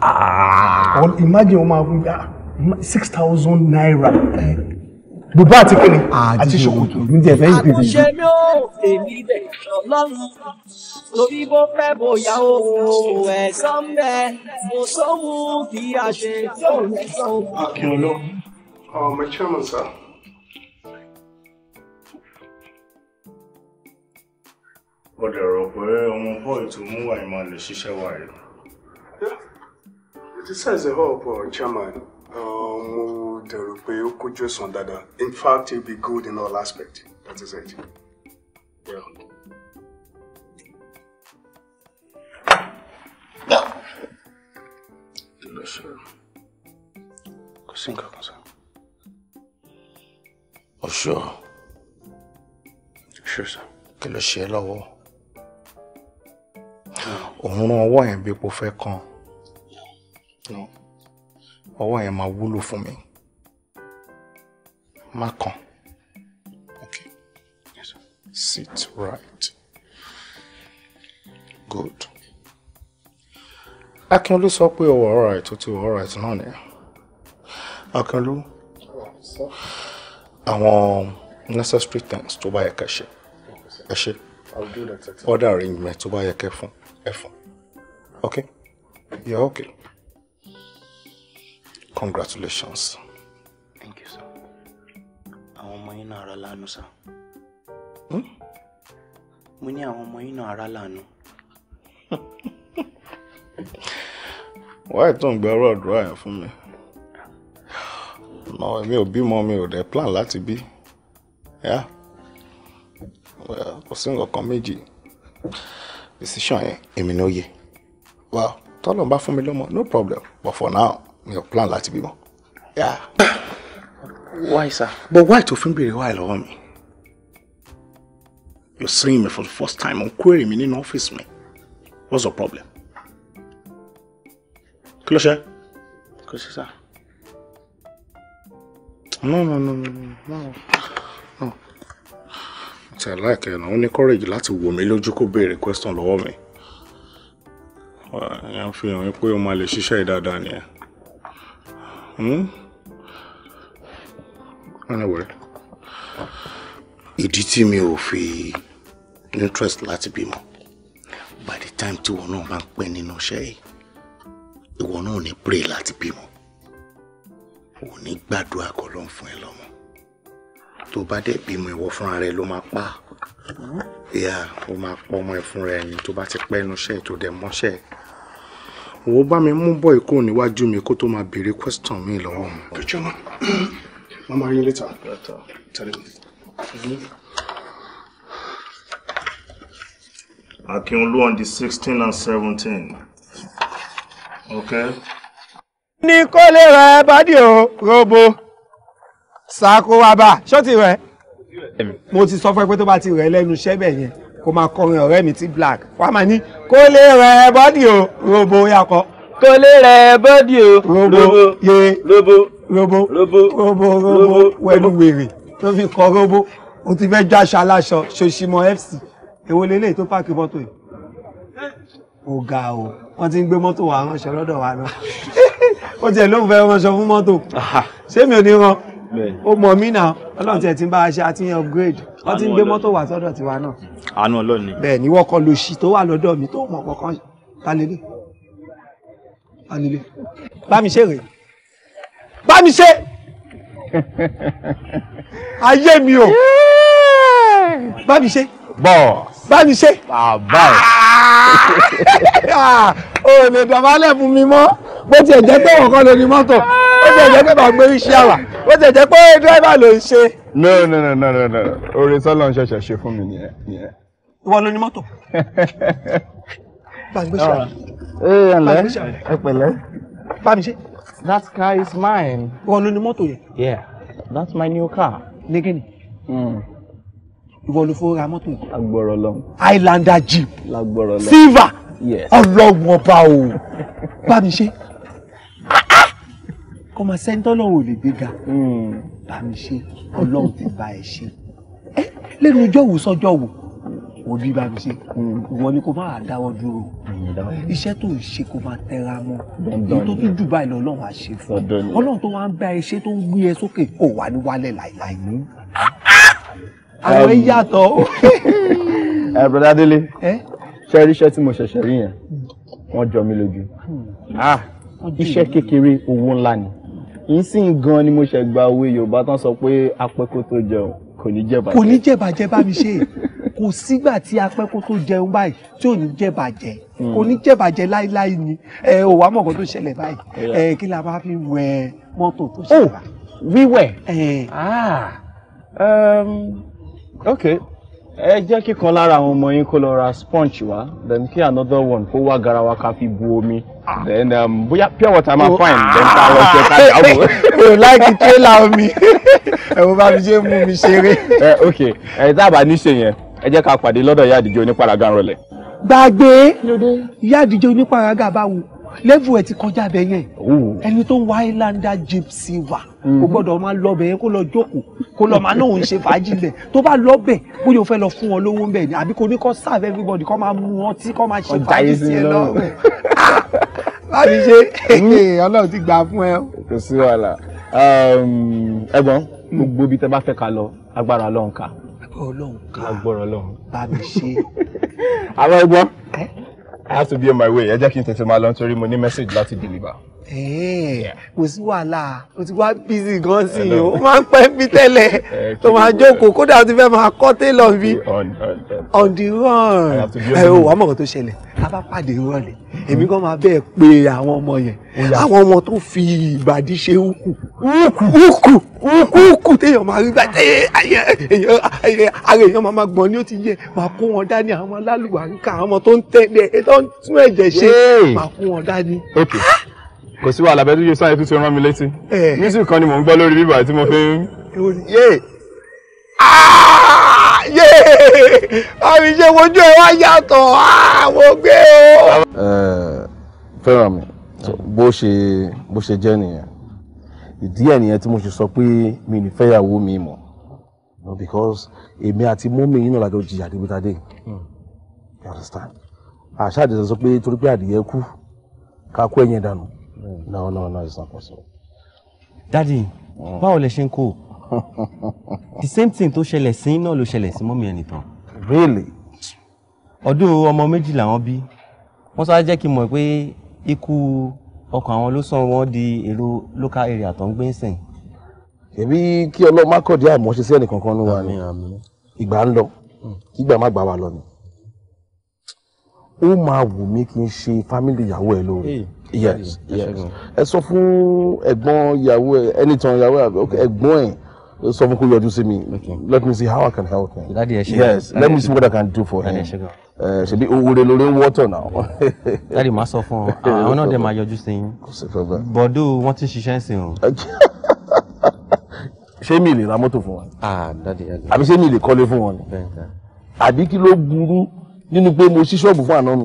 ah. imagine ọmọ agunga ah, six thousand naira. Eh bùbá àti kìnì àti ṣòkòtò. àtúnṣe mi ò èmi bẹ̀ lọ́rùn lórí bó fẹ́ bóyá o ẹ̀sán bẹ́ẹ̀ mo sóhun kí a ṣe tó lẹ́sàn. akínọlọ ọmọ uh, chairman sir. ó dẹ̀rọ pé ọmọ bọ́ọ̀lù tó mú wáyé máa lè ṣiṣẹ́ wáyé. it is as a whole for chairman. Um, mo dẹ̀rù pé ó kójú òsàn dáadáa in fact it be good in all aspects that is it. Well. Now, listen. Kò sí nǹkan Oh sure, sure sir. sá? Kí ló ṣe é no, Òun ran ọwọ́ yẹn no ọwọ́ ẹ̀ máa wúlò fún mi má kàn okay yes sit right good akínolú sọ pé ọwọ́ ọ̀rọ̀ àìtó ti ọ̀rọ̀ àìtó náà ni akínolú àwọn necessary things tó bá yẹ kẹ́ ṣe ẹ ṣe order arrangement tó bá yẹ kẹ́ fún ẹ fún okay you're okay. Congratulations. Thank you, sir. Àwọn ọmọ yín náà ara lánàá, sir. Hmm? Mo ní àwọn ọmọ yín náà ara lánàá. Wáyé tó ń gba ọ̀rọ̀ àdúrà yẹn fún mi. Nà èmi ò bímọ mi ò dẹ̀ plan láti bí. Kò sí nǹkan kan méjì. Decision yẹn èmi ni ó yẹ. Well, tọ́lọ̀ ń bá fún mi lọ́mọ no problem but for now mi ò plan láti bímọ. why sir. but why to fi ń béèrè why lọ́wọ́ mi. you're seeing me for the first time and query me in office me. what's your problem. kí ló ṣe. kò sí sá. no no no no no no. tẹ̀ láìkẹ́ náà ó ní courage láti wò mí lójú kó béèrè question lọ́wọ́ mi. ẹ̀yàn fi hàn pé o máa lè ṣiṣẹ́ dáadáa nìyẹn. Hmm? Anyway, ìdí tí mi ò fi interest láti bímọ by the time tí ìwọ náà bá ń pẹ́ nínú iṣẹ́ yìí ìwọ náà ní pray láti bímọ ò ní gbàdúrà kọ́ ló ń fún ẹ lọ́mọ tó bá dẹ̀ bímọ ìwọ fúnra rẹ ló máa pa ìyá ó máa pọ́ ọmọ ẹ fúnra ẹni tó bá ti pẹ́ nínú iṣẹ́ tó dẹ̀ mọ́ṣẹ́ òun bá mi mú bọ́ ìkó níwájú mi kó tó máa béèrè question mi lọ́wọ́ mi. kìchọ́nà wọ́n máa yín létà tẹ̀lé mi. Akínolú on sixteen and seventeen. Okay. ní kólé rẹ bádìí o robo ṣàkóhábà ṣó ti rẹ mo ti sọ fún ẹ pé tó bá ti rẹ lẹ́nu iṣẹ́ bẹ́ẹ̀ yẹn kó máa kọrin ọ̀rẹ́ mi ti black wá máa ní kó lè rẹ bọ́dì o robo yakọ. kó lè rẹ bọ́dì o robo ye robo robo robo robo robo wẹ̀lú wèrè tó fi kọ robo o ti fẹ́ jọ aṣọ aláṣọ ṣòṣìmọ fc èwo lélẹ̀ tó pààkì mọ́tò yìí. ó ga o wọ́n ti ń gbé mọ́tò wa ránṣẹ́ lọ́dọ̀ wa náà ó tiẹ̀ lóun fẹ́ ránṣọ fún mọ́tò ṣé mi ò ní rán ó mọ̀ mí náà ọlọ́run tiẹ̀ ti ń bá aṣọ àti yẹn upgrade wọ́n ti ń gbé mọ́tò wá sọ́dọ̀ tiwa náà. àánú ọlọ́run ni. bẹ́ẹ̀ ni wọ́n kọ lo ṣì tó wà lọ́dọ̀ mi tó mọ̀ kankan talẹ́lẹ́ talẹ́lẹ́ bá mi ṣe rèé bá mi ṣe ayé mi o bá mi ṣe bọ́ bá mi ṣe. bàbá ẹ̀. o lè dọ̀bálẹ̀ fún mi mọ́ bó tiẹ̀ jẹ́ pé òun kọ́ lórí mọ́tò bó tiẹ̀ jẹ́ pé bàá gbé iṣẹ́ àwà ó ti jẹ́ pé dírẹ́bà ló ń ṣe. no no no no no no oore sọ́lọ́ ń ṣẹ̀ṣẹ̀ ṣe fún mi nìyẹn. ìwọ ló ní mọ́tò. bàgbéṣà ẹ ǹlẹ́ ẹ that car is mine. ìwọ ló ní mọ́tò yẹn. yeah that's my new car. ní kí hmm. ìwọ ló fowó ra mọ́tò yìí. agbọ̀rọ̀ lọ. highlander jeep. lagbọ̀rọ̀ lọ. silver. yes. ọlọ́wọ́n bá o. bá mi ṣe. kọ́ máa sẹ́ńtọ́ lọ́rùn ò lè gbéga hmm. bá mi ṣe ọlọ́run ti bá ẹ ṣe ẹ lẹ́nu ọjọ́ wò sọ́jọ́ wò wò bí bá mi ṣe hmm. ìwọ ni kò máa dáwọ́ dúró hmm. iṣẹ́ tó ń ṣe kò máa tẹra mọ́ èyí tó tún jù báyìí lọ ọlọ́run á ṣe fún ọ ọlọ́run tó wá ń bá ẹ ṣe tó ń gbé ẹ sókè kò wá ní wálẹ̀ láìláì mú àwọn um, yàtọ̀ eh, o. ẹ broda Délé ṣe rí iṣẹ́ tí mo ṣẹ̀ṣẹ̀ rí yẹn wọ́n jọ mí lójú ah, iṣẹ́ kékeré owó ńlá ni ìsìn gan ni mo ṣe gba òwe yorùbá tán sọ pé apẹ́kó tó jẹun kò ní jẹ̀bàjẹ́. kò ní jẹ̀bàjẹ́ bá mi ṣe kò sígbà tí apẹ́kó tó jẹun báyìí tí ò ní jẹ̀bàjẹ́ hmm. kò ní jẹ̀bàjẹ́ láíláí ni ẹ ò wá mọ̀ nǹkan tó ṣẹlẹ̀ báyìí ẹ kí la bá fi wẹ mọ́tò tó ṣẹlẹ̀. Oh, wíwẹ̀ ah, um, ok ẹ jẹ́ kí lára àwọn ọmọ yín kó lọ ra sponge wá then kí another one kó wá garawa ká fi bu omi. then um, bóyá pure water máa oh, fine then ah. ká lọ ṣe ká ò láìkí omi ẹ̀wọ̀n bá mi ṣe mú mi ṣeré. ẹ eh, ok ẹ dábàá níṣe yẹn ẹ jẹ́ ká pàdé lọ́dọ̀ rọlẹ̀. gbàgbé level ẹ̀ ti kọjá bẹ yẹn ẹni tó ń wá islander jeep silver kò mhm. gbọ́dọ̀ máa lọ bẹ̀ yẹn kó lọ jókòó kó lọ máa lóun ṣe fàájì bẹ̀ tó bá lọ bẹ̀ bóyá o fẹ́ lọ fún wọn lówó ń bẹ̀ ni àbí kò ní kó serve everybody kó máa mu ọtí kó máa ṣe fàájì sí ẹ lọ láti ṣe ọlọ́run ti gbà fún ẹ. kò sí wàhálà um, ẹ̀gbọ́n gbogbo ibi tẹ bá fẹ́ ká lọ agbára ọlọ́run ká agbára ọlọ́run ká bá mi ṣe. àwọn ẹ̀gbọ́n I have to be on my way. Ẹ jẹ́ kí n tètè máa lọ nítorí mo ní message láti deliver. Eh, kò sí wàhálà o ti wá bísí gan sí i o máa ń pẹ́ bí tẹ́lẹ̀ eh, tó máa jókòó kódà o ti fẹ́ máa kọ́ télọ̀ bí on the run ẹ eh, o wàá mọ̀kàn tó ṣẹlẹ̀ a bá pàdé rọ̀lẹ́ hmm. èmi kan máa bẹ́ẹ̀ pe àwọn ọmọ yẹn àwọn ọmọ tó fi ìbàdí ṣe úkù úkù úkù téèyàn máa rí bàtẹ́ èèyàn ara èèyàn máa gbọ́n ni ó ti yẹ máa kó wọn dání àwọn alálùbáríkà àwọn tó ń tẹ̀lé tó ń tún ẹ̀jẹ̀ ṣe máa kó wọn dání. Ah! kò sí wàhálà bẹ́ẹ̀ tó yẹ sáyẹ tó ti rán mi létí eh. music kan ni mò ń gbọ́ lórí bíbà tí mo fi ń. yé ah! àmì ṣe wojú ẹ wá yàtọ̀ ah! mo gbé o. Eh, fẹ́ràn mi bó ṣe bó jẹ́ nìyẹn ìdí ẹ̀ nìyẹn tí mo ṣe sọ pé mi ní fẹ́yàwó mi mọ̀ because èmi àti mọ́mí yìí náà lájọ jìyà débi you understand àṣà àdìsẹ́ sọ pé torí pé adìyẹ kú ká kó ẹ̀yìn dànù No, no, no, it's not possible. Daddy, mm. báwo lẹ ṣe ń kó? The same thing tó ṣẹlẹ̀ sí náà ló ṣẹlẹ̀ sí mọ́mí ẹni tán. Really? Ọdún ọmọ méjì làwọn bí. Wọ́n sáré jẹ́ kí n mọ̀ pé ikú ọkàn àwọn ló sàn wọ́n di èrò local area tó ń gbé ń sìn. Èmi kí Ọlọ́run má kọ̀dí àmọ́ṣe sí ẹnìkankan ní wa ni. Ìgbà ń lọ, mm. kí ìgbà má gbà wá lọ ni. Ó máa wù mí kí n ṣe fámìlì ìyàwó ẹ lóore yes yes ẹ sọ fún ẹ̀gbọ́n ìyàwó ẹ ẹnìtàn ìyàwó ẹ ẹ̀gbọ́n ẹ sọ fún kó yọjú sí mi let me see how i can help him yes let me see what i can do for him ṣebí owóore lórí ń wọ́tọ̀ náà. dáàdi máa sọ fún ọ àwọn náà dẹ máa yọjú sí yín bọ́dọ̀ wọ́n ti ṣiṣẹ́ ń sìn o. ṣé mi lè ra mọ́tò fún wọn. àbí ṣé mi lè kọ́lé fún wọn. àbí kí ló burú nínú pé mo ṣí ṣọ́ọ̀bù fún àná mi.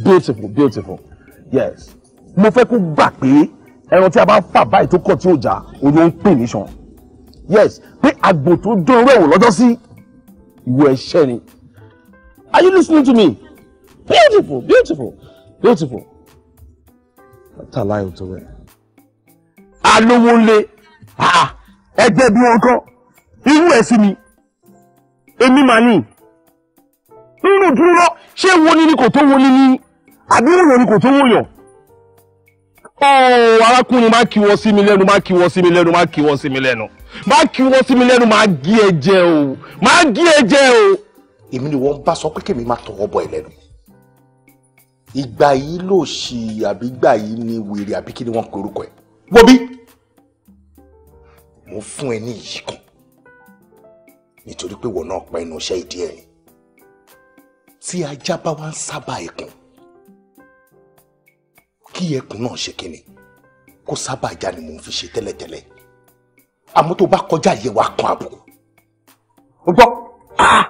beautiful beautiful yes mo fẹ́ kó gbà pé ẹran tí a bá ń fà báyìí tó kọ̀ tí ò já òun ló ń pè níṣan yes pé àgbò tó dún orí ẹ̀wọ̀n lọ́jọ́ sí ìwọ ẹ̀ṣẹ̀ ni are you listening to me beautiful beautiful beautiful àtàláyò tó rẹ̀ alówó ńlẹ̀ ah, ẹgbẹ́ bí wọn kọ́ irú ẹ̀ sí mi èmi màá ní nínú dúró lọ ṣé wo ni ni kò tó wo ni ni àbí wò ni kò tó wò yàn. ó oh, arákùnrin má kí wọ́n sí mi lẹ́nu má kí wọ́n sí mi lẹ́nu má kí wọ́n sí mi lẹ́nu má kí wọ́n sí mi lẹ́nu má gé ẹ jẹ o má gé ẹ jẹ o. èmi ni wọ́n bá sọ pé kèmi má tọwọ́ bọ ẹ lẹ́nu ìgbà yìí ló ṣì àbí gbà yìí ni wèrè àbí kí ni wọ́n pe orúkọ ẹ̀ wo bí mo fún ẹ ní ìyí kan nítorí pé wọn náà pa ẹnu iṣẹ́ ìdí ẹ̀ ni tí ajá bá wá ń sábà ẹkùn kí ẹkùn náà ṣe kíni kó sábà ajá ni mò ń fi ṣe tẹ́lẹ̀tẹ́lẹ̀ àmọ́ tó bá kọjá yẹ wàá kan àbùkù ó gbọ́. Ah!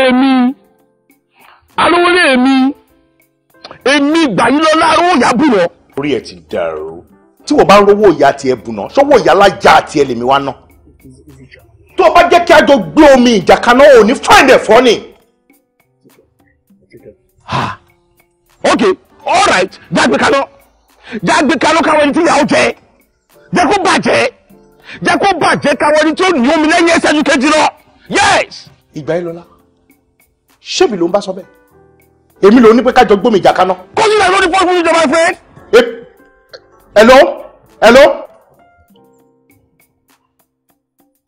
èmi alówólé èmi èmi gbàyínlọ́lá arówó ìyá bùnà. orí ẹ ti dàrú tí wọ́n bá ń rówó ìyá tiẹ̀ bùnà ṣọ́wọ́ ìyá alájà tiẹ̀ lèmi wá ná tó o bá jẹ́ kí a jọ gbé omi ìjà kaná ò ní fáìndẹ̀ fọ́ ni ha okay all right jágbe kaná jágbe kaná káwọn ẹni tí ìyàwó jẹ jẹ kó bàjẹ́ jẹ kó bàjẹ́ káwọn ẹni tó nù omi lẹ́yìn ẹsẹ̀ ju kejì lọ yes. ìgbà yìí lọ́la ṣébi ló ń bá sọ bẹ́ẹ̀ èmi ló ní pé kájọ gbómi ìjà kaná. kó sílẹ̀ lórí fọ́ọ̀mù ìjọba ẹ̀fẹ́. hello hello.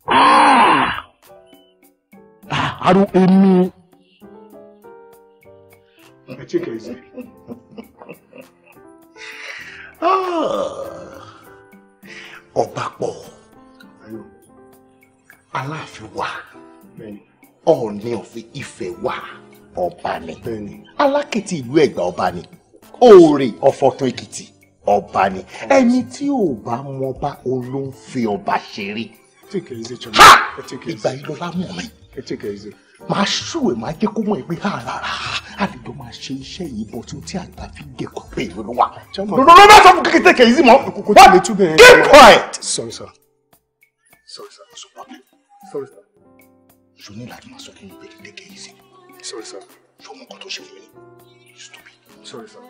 Ah! Ah! àrùn èmi a chica is it? ọba pọ̀ aláàfin wà ọọ̀ni ọ̀fin Ifẹ̀ wà ọba ni alákìtì ìlú Ẹ̀gbá ọba ni òòrè ọ̀fọ̀tún Èkìtì ọba ni ẹni tí ò bá mọba olóńfin ọba ṣeré ìgbà ìlọlá mọ̀ mi màá ṣùwẹ̀ màá jẹ́ kó mọ̀ ẹ́ pé rárá àlejò máa ṣe iṣẹ́ yìí bọ̀ tó tí àgbà fi gẹ̀kọ́ pé ìrora wa. lọ́dọ̀ lọ́dọ̀ sọ fún kékeré tẹ̀kẹ̀ yìí sí mọ́. wá keep quiet. sorry sir. sorry sir. so wọ́n mi. sorry sir. yóò ní láti máa sọ kí n gbé tẹ̀kẹ̀ yìí sí. sorry sir. yóò mọ nǹkan tó ṣe fún mi. stupid. sorry sir.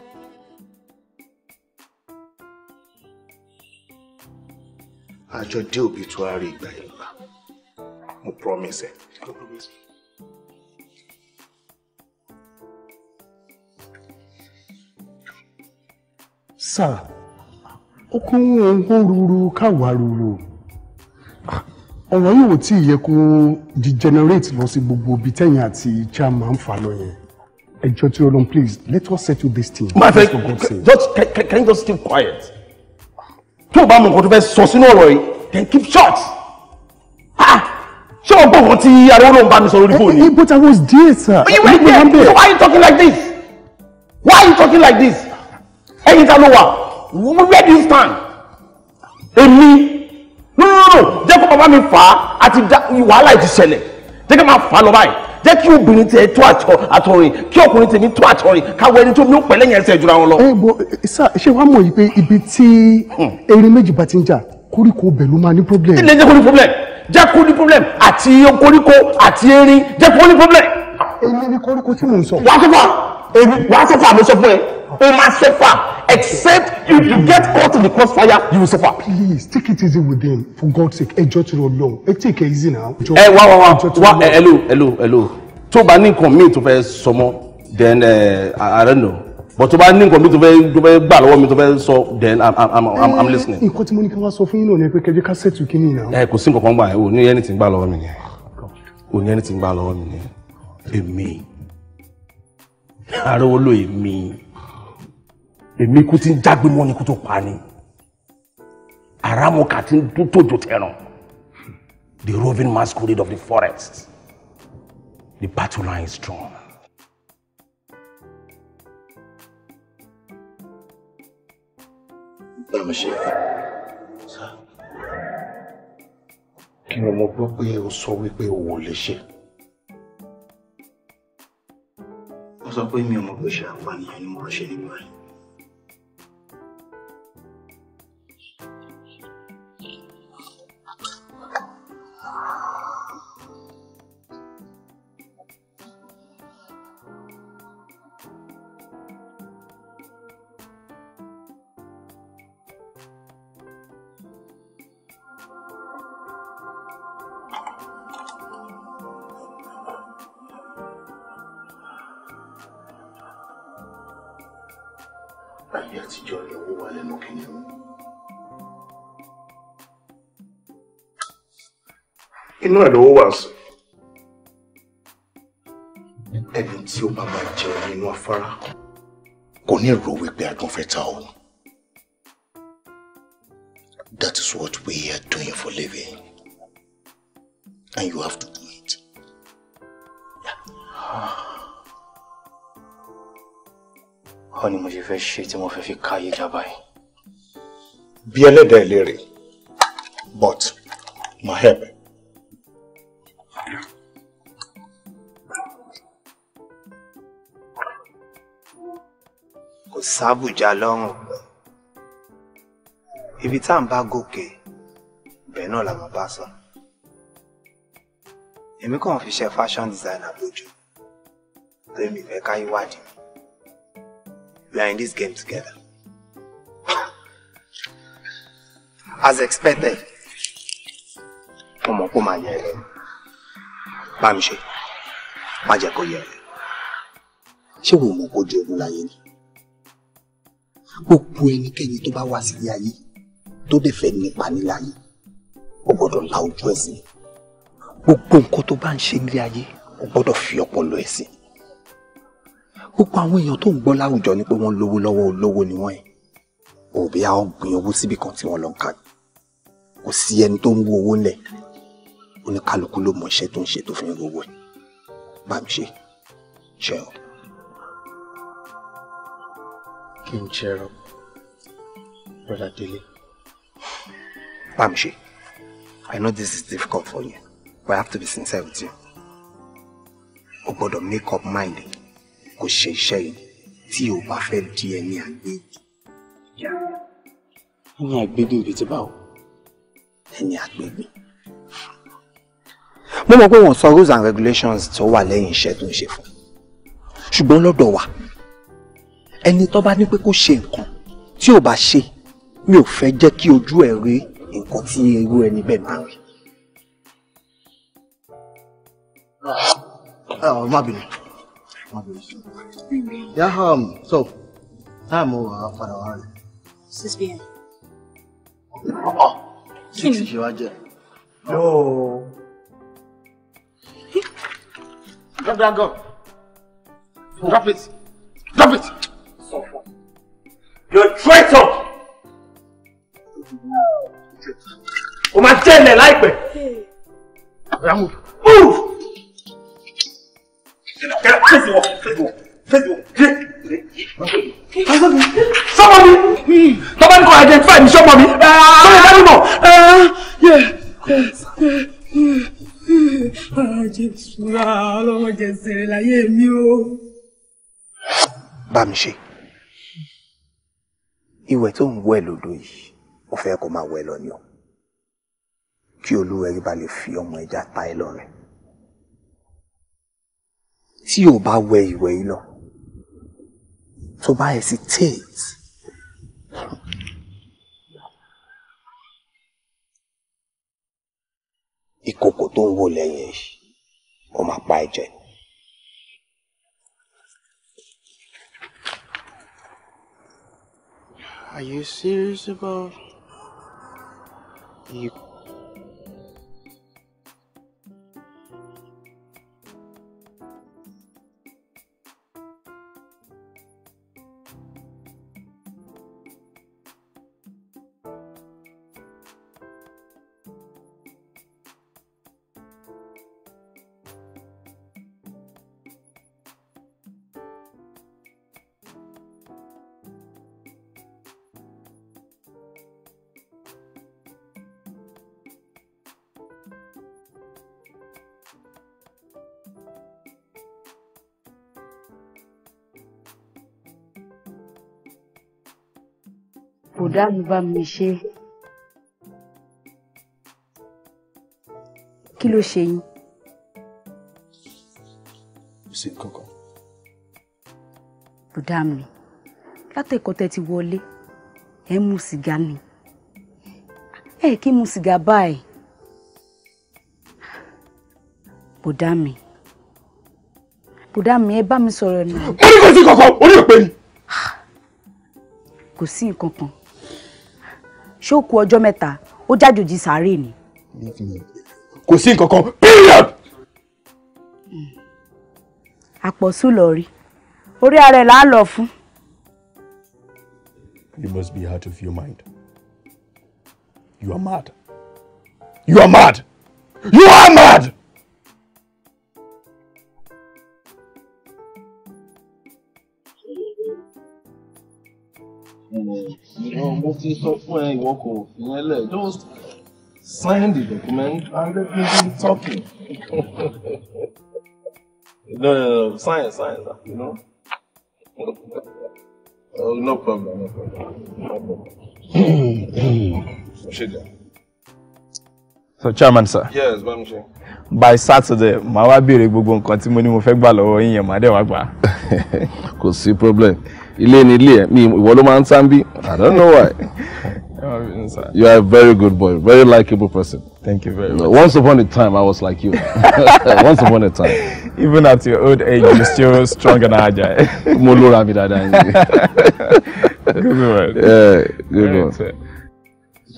àjọ dé òbí tó a rí ìgbà yẹn gbà mo promise ẹ. I promise you. sà ó kún ohun kó ruru káwa ruru ọ̀rọ̀ yìí ò tí ì yẹ kó degenerate lọ sí gbogbo ibi tẹ̀yìn àti chairman fà lọ yẹn ẹjọ́ tí olóhùn please let us settle this thing. my friend just can, can, you just keep quiet tí o bá mọ nǹkan tó fẹ́ sọ sínú ọ̀rọ̀ yìí then keep short ṣé o gbọ́ nǹkan tí ariwo ló ń bá mi sọ lórí eh, fóònù. Eh, but I was there sir. you were there so why are you talking like this why are you talking like this ẹ̀yin ta ló wà where do you stand èmi no no no jẹ́ kó bàbá mi fà á àti wàhálà ti ṣẹlẹ̀ jẹ́ kó máa fà á lọ báyìí jẹ́ kí obìnrin tiẹ̀ tó àtọ̀rìn kí ọkùnrin tèmi tó àtọ̀rìn káwọ ẹni tó ní òpẹ́ lẹ́yìn ẹsẹ̀ ìjura wọn lọ. ẹ bọ ṣé wàá mọ̀ yìí pé ibi tí hmm. erin méjì bá ti ń jà koríko bẹ̀ ló máa ní problem. ilé jẹ́ kó ní problem jẹ́ kó ní problem àti koríko àti erin jẹ́ kó ní problem. èmi ni koríko tí mò ń sọ. wàá tó fà èmi wàá tó fà mi sọ fún ẹ o must suffer except if you get caught in the crossfire you will suffer. please take it easy with them for God's sake ẹjọ́ ti rọ lọ ẹ take it easy now. ẹ wá wá wá wá ẹ hello hello hello tó bá ní nǹkan míì tó fẹ́ then uh, I, I don't know but tó bá commit to mi to fẹ́ tó fẹ́ to lọ́wọ́ mi then i'm i'm i'm i'm listening. In eh, tí money ní kí wọ́n sọ fún you náà ni pé kẹjọ ká ṣètù kínní náà. ẹ eh, kò sí nǹkan kan gbà ẹ ò ní ẹni tí ń gbà lọ́wọ́ mi ni ò ní ẹni tí ń gbà lọ́wọ́ mi èmi kú ti ń jágbe mọ́ ni kú tó pa ni àràmọ̀kà ti ń dún tòjò the roving masquerade of the forest the battle line is strong. báwo ṣe kí ni mo gbọ́ pé o sọ wípé o ò lè ṣe. ó sọ pé mi ò mọ̀ bó ṣe àpànìyàn ni mo lọ ṣe nígbà yìí. ayé àtijọ́ ni owó wà lẹ́nu kìnìún. inú ẹ̀ lówó wà sí ẹni tí ó bá máa jẹun nínú afárá kò ní èrò wípé agbọ́n fẹ́ ta òun that is what we are doing for living and you have to do it. ọ ni mo ṣe fẹ́ ṣe tí mo fẹ́ fi káyé jábá yìí. bí ẹlẹ́dàá ilé but my help kò sábùjá lọ́rùn ibi tá à ń bá gòkè bẹ́ẹ̀ náà la máa bá sọ èmi kàn fi ṣe fashion designer lójú torí mi fẹ́ ká ìwádìí we are in this game together as expected mo mọ̀ kó máa yẹ ẹ lẹ́nu bá mi ṣe má jẹ́ kó yẹ ẹ́ ṣé wo mọ̀ kó ju ogun láyé ni gbogbo ẹnikẹ́ni tó bá wá sí ilé ayé tó dẹ̀ fẹ́ nípa nílé ayé ó gbọ́dọ̀ la ojú ẹ̀ sí gbogbo nǹkan tó bá ń ṣe nílé ayé ó gbọ́dọ̀ fi ọpọlọ ẹ̀ sí gbogbo àwọn èèyàn tó ń gbọ́ láwùjọ ni pé wọ́n lówó lọ́wọ́ olówó ni wọ́n yẹn òbí àwọn gbìyànjú síbi kan tí wọ́n lọ ń ka kò sí ẹni tó ń wú owó ńlẹ̀ oníkálukú ló mọ iṣẹ́ tó ń ṣe tó fi ń rówó ẹ̀ bá mi ṣe ṣe ọ. kí n ṣe ẹrọ brother Dele. bá mi ṣe I know this is difficult for you but I have to be sincere with you. o gbọ́dọ̀ make up mind kó ṣe iṣẹ́ yìí tí o bá fẹ́ di ẹni àgbéyìí. ẹni àgbégbé ibi tí báwo ẹni àgbégbé mo mọ̀ pé wọ́n sọ rules and regulations tó wà lẹ́yìn iṣẹ́ tó ń ṣe fún ṣùgbọ́n lọ́dọ̀ wa ẹni tó bá ní pé kó ṣe nǹkan tí ò bá ṣe mi ò fẹ́ jẹ́ kí ojú ẹ̀ rí nǹkan tí irú ẹni bẹ́ẹ̀ máa rí. um so náà mo wà á padà wá rẹ. six pm. Oh, oh, kí ni kí ni yóò. Drop that gun. Drop it. Drop it. Suffer. You're a traitor. O máa jẹ́ ilẹ̀ láìpẹ́. Move. Move. Face the wall. Face the wall. Face the wall. Somebody. Tọ́ba ní kò identify mi sọ́mọ mi. Ah. Sọ́yìn ah. dání Jésù ọlọ́mọ jẹsẹrẹ láyé mi o. Bá mi ṣe, ìwẹ̀ tó ń wẹ̀ lódò yìí, mo fẹ́ kó máa wẹ̀ lọ ni o. Kí olúwẹ̀rí bá lè fi ọmọ ẹja ta ẹ lọ rẹ̀. Tí o bá wẹ̀ ìwẹ̀ yìí lọ, tó bá hesitate. ìkòkò tó ń wò lẹ́yìn yìí ó máa pa ẹ̀jẹ̀. Are you serious about you? bùdá mi bá mi ṣe kí ló ṣe yín. sí kankan. bùdá mi látẹ̀kọ́ tẹ́ ti wọlé ẹ̀ ń mu sìgá ni ẹ̀ kí mu sìgá báyìí bùdá mi bùdá mi ẹ bá mi sọ̀rọ̀ ni. orí kò sí kankan orí ò pé ni. kò sí nǹkan kan ṣé ó kù ọjọ́ mẹ́ta ó jájòjì sàárè ni. kò sí nǹkan period. àpọ̀sù lọ rí orí ara ẹ̀ là á lọ fún. you must be out of your mind you are mad you are mad you are mad. ti sọ fún ẹ ìwọ kò fìyẹn lẹ̀ just sign the document and let me be talking. no, no, no, sign, sign, you know. oh, no problem, no problem, problem. So chairman sir. Yes, bá mi By Saturday, màá wá béèrè gbogbo nǹkan tí mo ní mo fẹ́ gbà lọ́wọ́ yín yẹn màá dẹ̀ wá gbà. Kò sí problem ilé ni ilé ẹ mi ìwọ ló máa ń tán bí i don't know why you are a very good boy very likable person. thank you very much. once upon a time I was like you once upon a time. even at your old age you still strong and agile. mo lóra mi dáadáa yín. good one. Yeah, good one.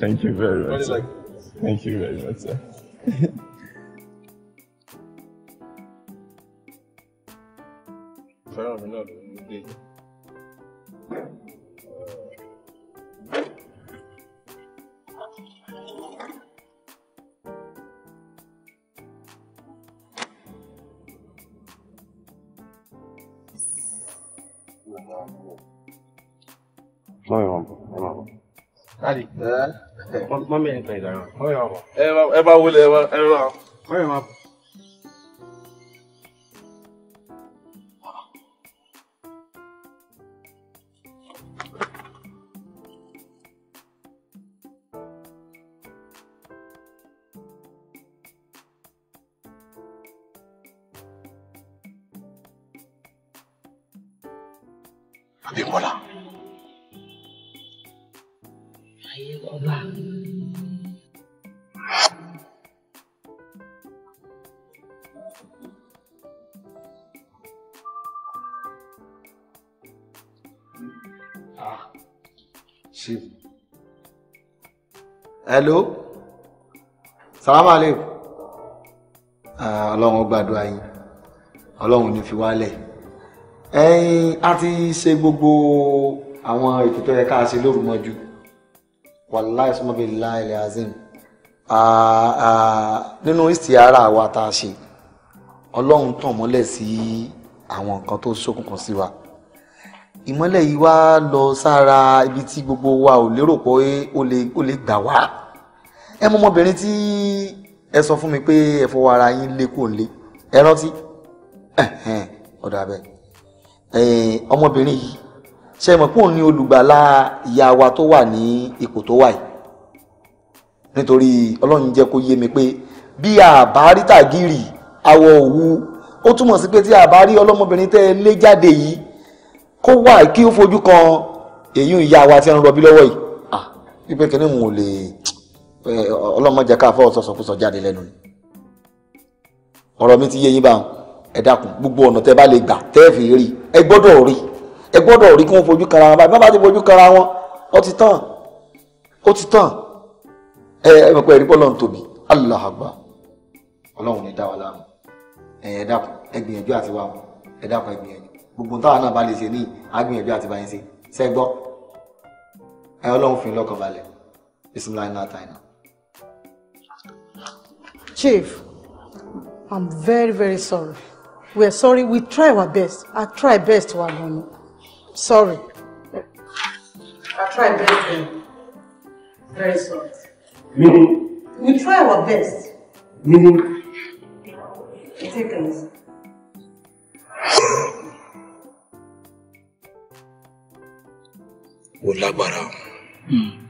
thank you very much. thank you very much. Sir. Mami wọn bọ̀, ẹ máa bọ̀. Dádì. Mami ẹ̀ ń pẹ̀ ìdáná. Mami wọn bọ̀. Ẹ máa wọlé, ẹ máa. Mami wọn bọ̀. ṣe. hello salamu aleykum ah, ọlọ́run gbàdúrà yín ọlọ́run ní fi wálẹ̀ ẹ̀yin a ti ṣe gbogbo àwọn ètò tó yẹ ká ṣe lóru mọ́jú wàláì sọmọbi láìlẹ azim ah, ah, nínú ìsìyàrá wa tá a ṣe ọlọ́run tàn mọ́lẹ̀ sí àwọn nǹkan tó ṣókùnkùn sí wa ìmọ́lẹ̀ yìí wá lọ sára ibi tí gbogbo wa ò lérò pé ó lè gbà wá ẹ mọ ọmọbìnrin tí ẹ sọ fún mi pé ẹ fọwọ́ ara yín lé kò lé ẹ rántí ọ̀dà bẹ́ẹ̀ ọmọbìnrin yìí ṣe mọ̀ pé òun ni olùgbàlà ìyá wa tó wà ní ipò tó wà yìí nítorí ọlọ́run jẹ́ kó yé mi pé bí àbá rí awọ òwú ó túmọ̀ sí pé tí àbá ọlọ́mọbìnrin tẹ́ ẹ lé jáde yìí kó wà kí ó fojú kan èyí ń ya wa tí ń rọbí lọ́wọ́ yìí wípé kí ni n ò lè ọlọ́mọdé ká fọ́ ọ̀sọ̀sọ̀ fún sọ̀jáde lẹ́nu ni ọ̀rọ̀ mi ti yé yín báwọn ẹ dákun gbogbo ọ̀nà tẹ́ bá lè gbà tẹ́ fi rí ẹ gbọ́dọ̀ rí ẹ gbọ́dọ̀ rí kí wọ́n fojú kara wọn báyìí bá bá ti fojú kara wọn ó ti tán ó ti tán ẹ ẹ mọ̀ pé ẹ̀rí pọ́lọ́n tóbi Allah akbar ọlọ́run ní dá wa láàmú ẹ̀yìn ẹ dákun ẹ gbìyànjú àti wà ẹ dákun ẹ gbìyànjú gbogbo táwa náà bá lè ṣe ní agbìyànjú àti báyìí ṣe ṣẹ́gbọ́ ẹ ọlọ́run fi lọ́kàn balẹ̀ bisimilayi náà tàyìn náà. Chief, I'm very very sorry. We are sorry. We try our best. I try best wa gan-an. Sorry. I try best then. Very sorry. Meaning? We try our best. Meaning? Take us. ó lágbára. Hmm.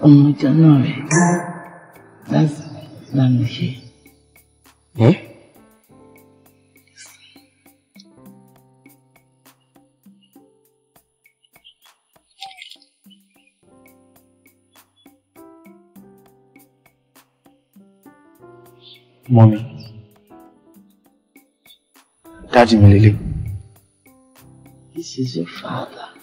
ọmọ ìjọ náà rẹ láti lànà ṣe. Mommy, dájú mi lélẹ́yìn. Isso é desenfada.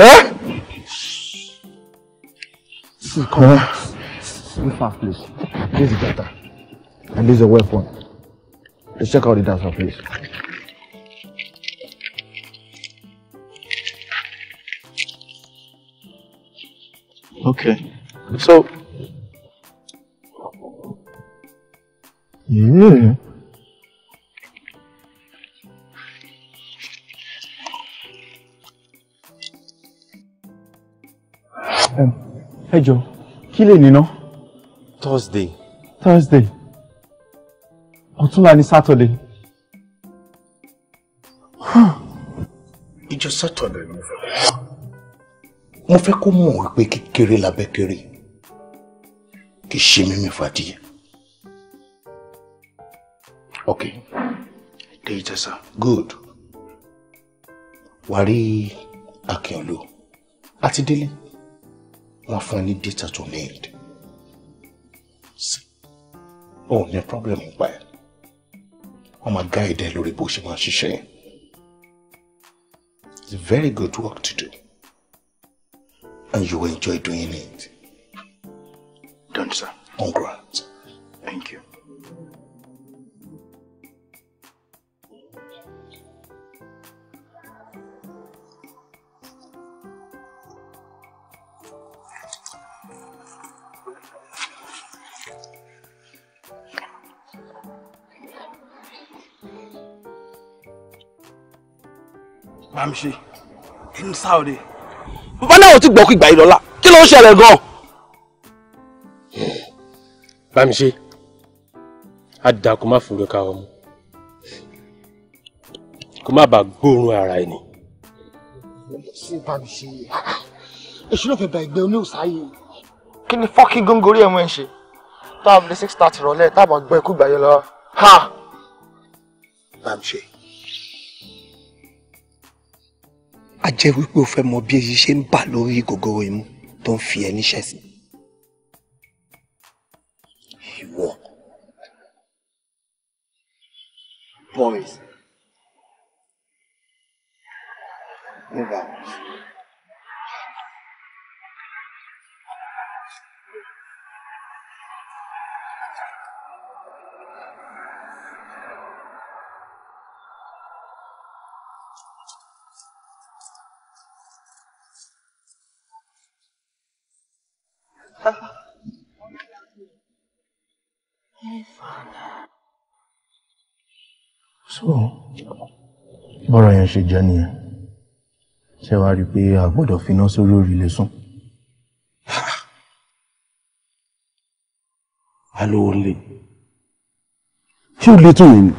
Hã? See, come on. Move fast, please. This is better. And this is a weapon. Let's check out the dancer, please. Okay. So. Yeah. ẹ jọ kí lè níná. thursday. thursday ọ̀túnla ni saturday. ìjọ saturday mo fẹ́ mo fẹ́ kó mọ̀ wípé kékeré labẹ́ kéré kì í ṣe mímí fàdíyẹ. ok dèjì sir good wàá rí akínolú àti délé wọ́n fún ẹ ní data to need ó ní problem ń pa ẹ wọ́n máa guide ẹ lórí bó ṣe máa ṣiṣẹ́ it's a very good work to do and you will enjoy doing it. Done, sir. Congrats. Thank you. Bámiṣe in Saudi. Bàbá náà ò ti gbọ́ kí ìgbà yìí lọ́la. Kí ló ń ṣẹlẹ̀ gan-an? Bámiṣe, àdá kò má fòrò ká ọmọ. Kò má bàa gbóòórùn ara ẹni. Ṣé Bámiṣe, èṣù ló fẹ́ bá ẹgbẹ́ oníhùsáyé? Kí ni fọ́kí góńgórí ẹ̀mú ẹ̀ ṣe? Táàbù ní six thirty rọ̀lẹ́ táàbù àgbẹ̀ kú ìgbà yẹn lọ. Ha! Bámiṣe. a jẹ́ wípé o fẹ́ mọ bí èyí ṣe ń bà lórí gògòrò imú tó ń fi ẹ níṣẹ́ sí. ìwọ Boris move so bọ́rọ̀ yẹn ṣe jẹ́ nìyẹn ṣé wàá rí i pé a gbọ́dọ̀ finá sórí òrìlẹ̀ sùn. alówó lè ṣé o lè tún yìí ni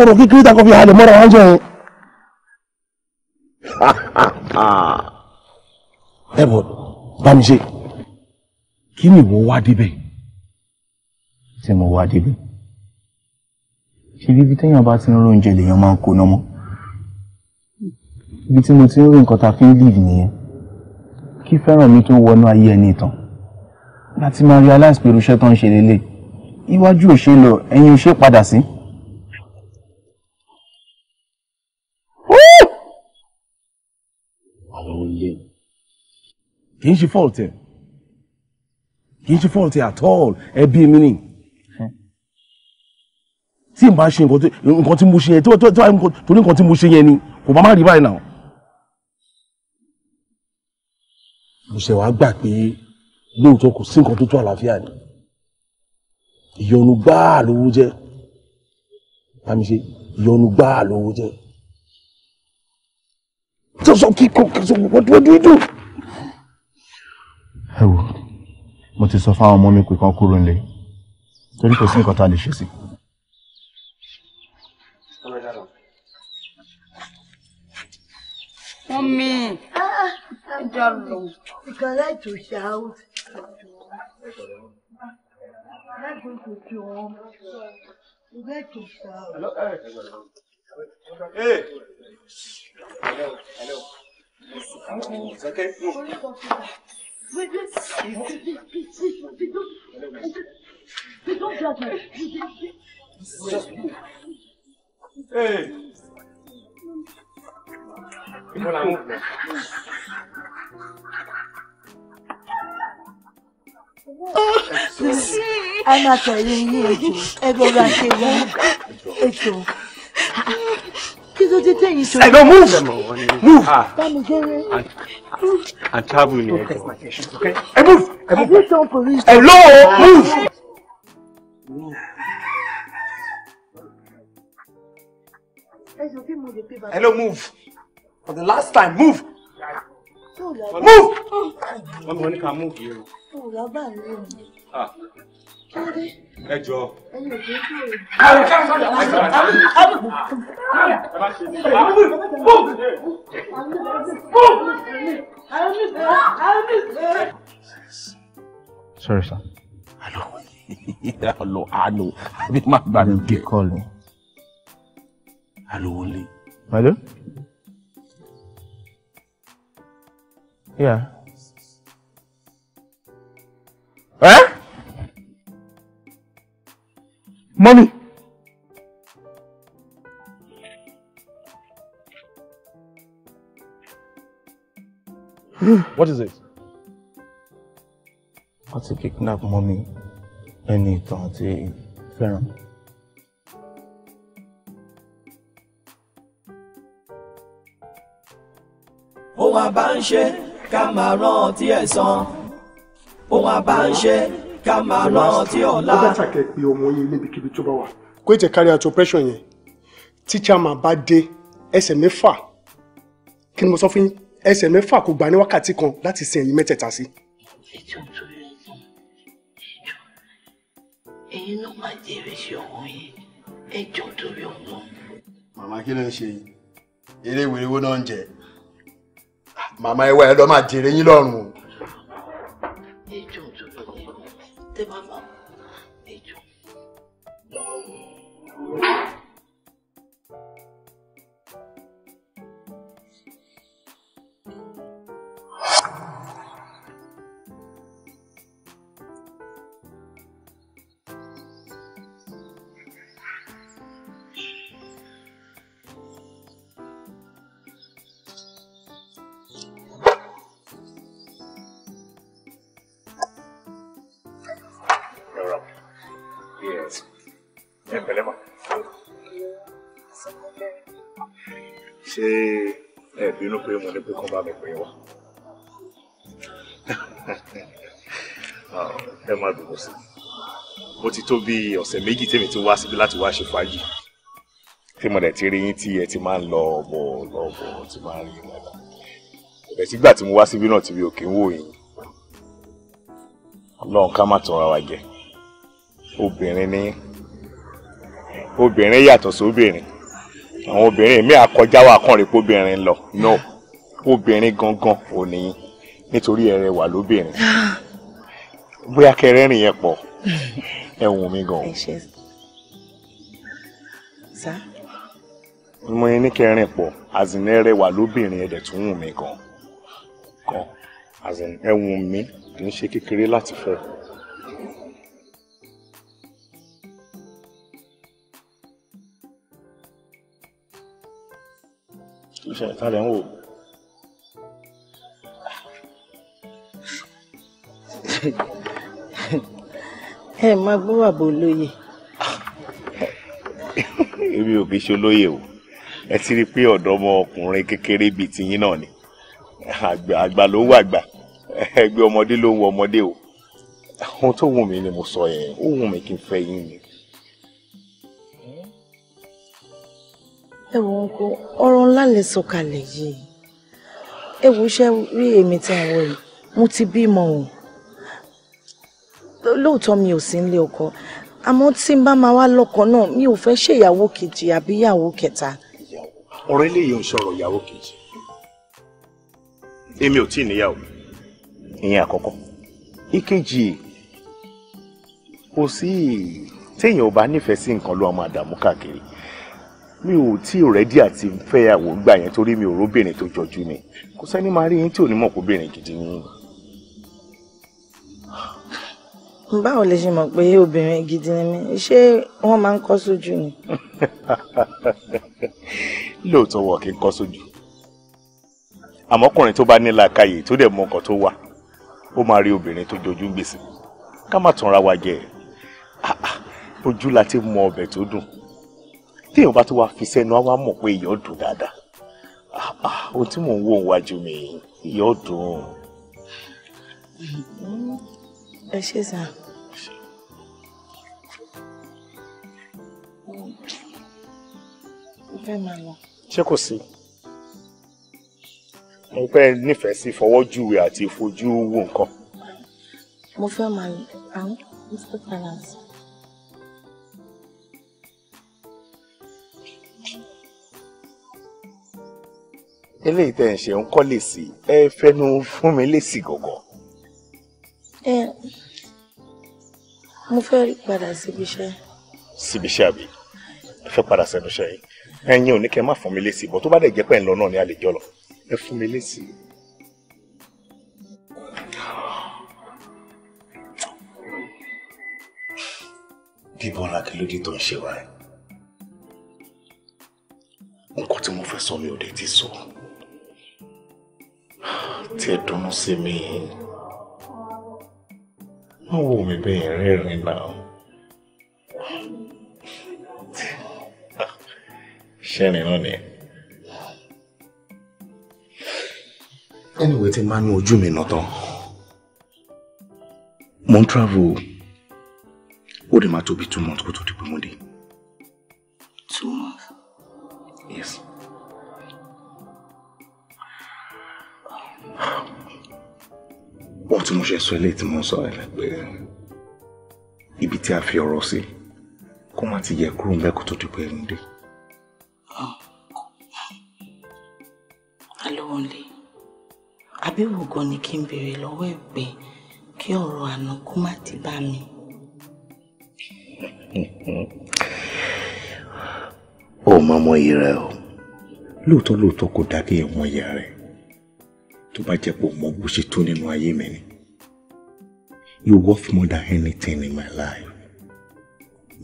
ọ̀rọ̀ kékeré ta kò fi halẹ̀ mọ́ra wájú ẹ̀. ẹ bọ̀ bá mi ṣe kí ni ìwọ wá débẹ̀ tí mo wá débẹ̀ ṣe bí ibi téèyàn bá ti ń rò oúnjẹ lèèyàn máa ń kóná mọ́ ibi tí mo ti ń rò nǹkan ta fi ń leave nìyẹn kí fẹ́ràn mi tó wọnú ayé ẹni ìtàn láti máa realize pé irúṣẹ́ tó ń ṣe lélẹ̀ iwájú ò lọ ẹ̀yìn ò padà sí. àwọn oúnjẹ kì í ṣe fọ́ọ̀tẹ̀ kì í ṣe fọ́ọ̀tẹ̀ at all ẹbí mi nìyí tí n bá ṣe nǹkan tí mo ṣe yẹn torí nǹkan tí mo ṣe yẹn ni kò bá má rí báyìí náà. mo ṣe wàá gbà pé lóòótọ́ kò sí nǹkan tó tó àlàáfíà ni ìyọnu gbáà lówó jẹ́ bámi ṣe ìyọnu gbáà lówó jẹ́ sọ́sọ́ kíkọ́ kẹsọ́ what do we do. ẹ wo mo ti sọ fáwọn ọmọ mi pé kán kúrò nílé torí kò sí nǹkan tá a lè ṣe sí i. Mommy. Hey. Con la urna. a máa tẹ̀lé yín ètò ẹgbẹ́ ọba ṣe wọ́n ètò kí ló dé tẹ̀yìn tó. ẹ lọ move move. Ah. bámi gẹ́rẹ́. and travel ni ẹ jọ ẹ move ẹ move. ẹ move. Hello, move. For the last time, move. Move. Mọ́mí when you can move yìí o. Ọ̀gá bá Hey Joe. Hey Joe. Hey, ò kí n kúrò. Àwọn ọ̀gá ń sọ̀rọ̀ àwọn ọ̀gá ń sọ̀rọ̀. Ẹ má ṣe ní. Move. Move. Move. Sorry, sir. Hello. Hello. Hello. I'm ma gba mi. Kí calling ariwo ńlẹ. Hello? Yeah. Eh? Mommy. What is it? What's a kidnap mommy Any ìtàn àti fẹ́ràn. ohun àbáńṣe ká máa rántí ẹ̀san ohun àbáńṣe ká máa rántí ọ̀la. ó dáta kẹ́ pé ọmọ yín níbikíbi tó bá wà. kó ètè carry out operation yẹn tíṣà máa bá dé ẹsẹ̀ mẹ́fà kí ni mo sọ fún yín ẹsẹ̀ mẹ́fà kò gbà ní wákàtí kan láti sin ẹ̀yin mẹ́tẹ̀ẹ̀ta sí. ẹ̀yin náà máa jèrè sí ọ̀hún yìí ẹjọ́ torí ọ̀hún. màmá kí ló ń ṣe eré wèrè wo náà ń jẹ màmá ẹwà ẹ lọ máa jèrè yín lọ́rùn o tó bí ọ̀sẹ̀ méjì tèmi ti wá síbi láti wá ṣe fàájì tí mo dẹ̀ ti rí yín tí ẹ ti máa ń lọ ọ̀bọ̀ lọ́bọ̀ ti máa ń rí dáadáa ẹ̀bẹ̀ sígbà tí mo wá síbi náà ti bí òkè ń wò yín ọlọ́run ká má tọra wa jẹ obìnrin ni obìnrin yàtọ̀ sóbìnrin àwọn obìnrin mi àkọjá wa kàn rí pé obìnrin lọ no obìnrin gangan ò níyìn nítorí ẹrẹ wà lóbìnrin ah. bóyá kẹrẹ́rìn yẹn pọ̀ ẹ wù mí gan. ẹ ṣe sá. mo ní kẹrin pọ̀ àzìnẹrẹ wà lóbìnrin ẹdẹ tó wù mí gan gan àzìn ẹ wù mí kì í ṣe kékeré láti fẹ́. Thank you ẹ má gbọ́ bàbá olóye. èmi ò kì í ṣe olóye o ẹ ti rí i pé ọ̀dọ́ ọmọ ọkùnrin kékeré bíi tiyín náà ni àgbà ló ń wà àgbà ẹgbẹ́ ọmọdé ló ń wọ ọmọdé o ohun tó wù mí ni mo sọ yẹn ó wù mí kí n fẹ́ yín ni. ẹ wo ọ̀rọ̀ ńlá lè sọ̀kalẹ̀ yìí ẹ iṣẹ́ rí èmi tí a wọ yìí mo ti bímọ o lóòótọ́ mi ò sí nílé ọkọ àmọ́ tí n bá máa wá lọ́kọ náà mi ò fẹ́ ṣèyàwó kejì àbí ìyàwó kẹta. ọ̀rọ̀ eléyìí ò ń sọ̀rọ̀ ìyàwó kejì èmi ò tí ì níyàwó ìyẹn àkọ́kọ́ ìkejì kò sí téèyàn ò bá nífẹ̀ẹ́ sí nǹkan ló wà máa dààmú káàkiri mi ò tí ì rẹ́dí àti fẹ́yàwó gbà yẹn torí mi ò róbìnrin tó jọjú mi kò sẹ́ni máa rí yín tí ò ní mọ̀ kó bìnrin gidi nìyí. báwo lè ṣe mọ̀ pé obìnrin gidi ni mí ṣé wọ́n máa ń kọ́ sójú ni. lóòótọ́ wọ̀ kí n kọ́ sójú àmọ́kùnrin tó bá ní làákàyè tó dẹ̀ mọ ọkọ̀ tó wà ó máa rí obìnrin tó jojú gbèsè ká má tanra wa jẹ ah, ah, ojú la ti mọ ọbẹ̀ tó dùn téèyàn bá tó wá fi sẹ́nu á wá mọ̀ pé èèyàn dùn dáadáa ah, ohun tí mò ń wò wájú mi èèyàn dùn ẹ ṣe sà. ṣé kò sí mo fẹ́ nífẹ̀ẹ́ sí fọwọ́júwe àti fojú wo nǹkan. mo fẹ́ máa lọ àwọn mr finance. eléyìí tẹ̀ ń ṣe ń kọ́ lèsì ẹ fẹ́nu fún mi lèsì gọ̀gọ̀ ẹ mo fẹ́ rí padà síbi iṣẹ́. síbi iṣẹ́ àbí ẹ fẹ́ padà sẹ́nu iṣẹ́ yìí ẹ̀yin ò ní kẹ́ ẹ má fún mi lésì bọ́ tó bá dẹ̀ jẹ́ pé ẹ̀ ń lọ náà ni a lè jọ lọ ẹ fún mi lésì. Bíbọ́lá kí ló dé tó ń ṣe wáyé nǹkan tí mo fẹ́ sọ mi ò dé ti sọ tí ẹ dunnú sí mi yìí wọ́n wò mí bẹ́ẹ̀ rẹ́rìn now? ṣẹ́rin náà ni. anyway the man will ojú mi nà tán mo ń travel ó to be two months Go to the pé two months. yes. Oh, lọ́wọ́ tí mo ṣe sọ eléyìí tí mo ń sọ ẹ̀ pé ibi tí a fi ọ̀rọ̀ sí kó má ti yẹ kúrò ńbẹ́ kó tó di pé ẹnu dé. Ah, alówóńlé àbẹ̀wò gan ni kí n béèrè lọ́wọ́ ẹ̀ pé kí ọ̀rọ̀ àná kó má ti bá mi. ó mọ ọmọ yìí rẹ o lóòótọ́ lóòótọ́ kò dá kí èèyàn mọ ìyá tó bá jẹ́ pé mo bó ṣe tó nínú ayé mi ni you're worth more than anything in my life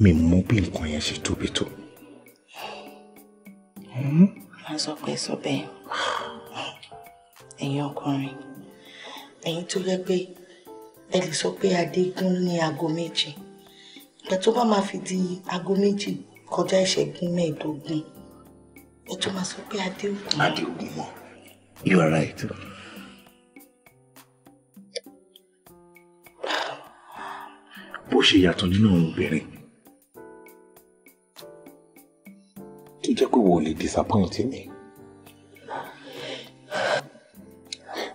mi mọ bí nǹkan yẹn ṣe tóbi tó. Mm-hmm. máa sọ pé sọ bẹ́ẹ̀ ẹ̀yin ọkùnrin ẹ̀yin tó yẹ pé ẹ lè sọ pé adégún ní aago méje ẹ tó bá máa fi di aago méjì kọjá ìṣẹ́gun mẹ́ẹ̀ẹ́dógún ẹ tó máa sọ pé adégún. adégún mọ you are right. bó ṣe yàtọ̀ nínú àwọn obìnrin. tó jẹ́ pé wò lè disappoint mi.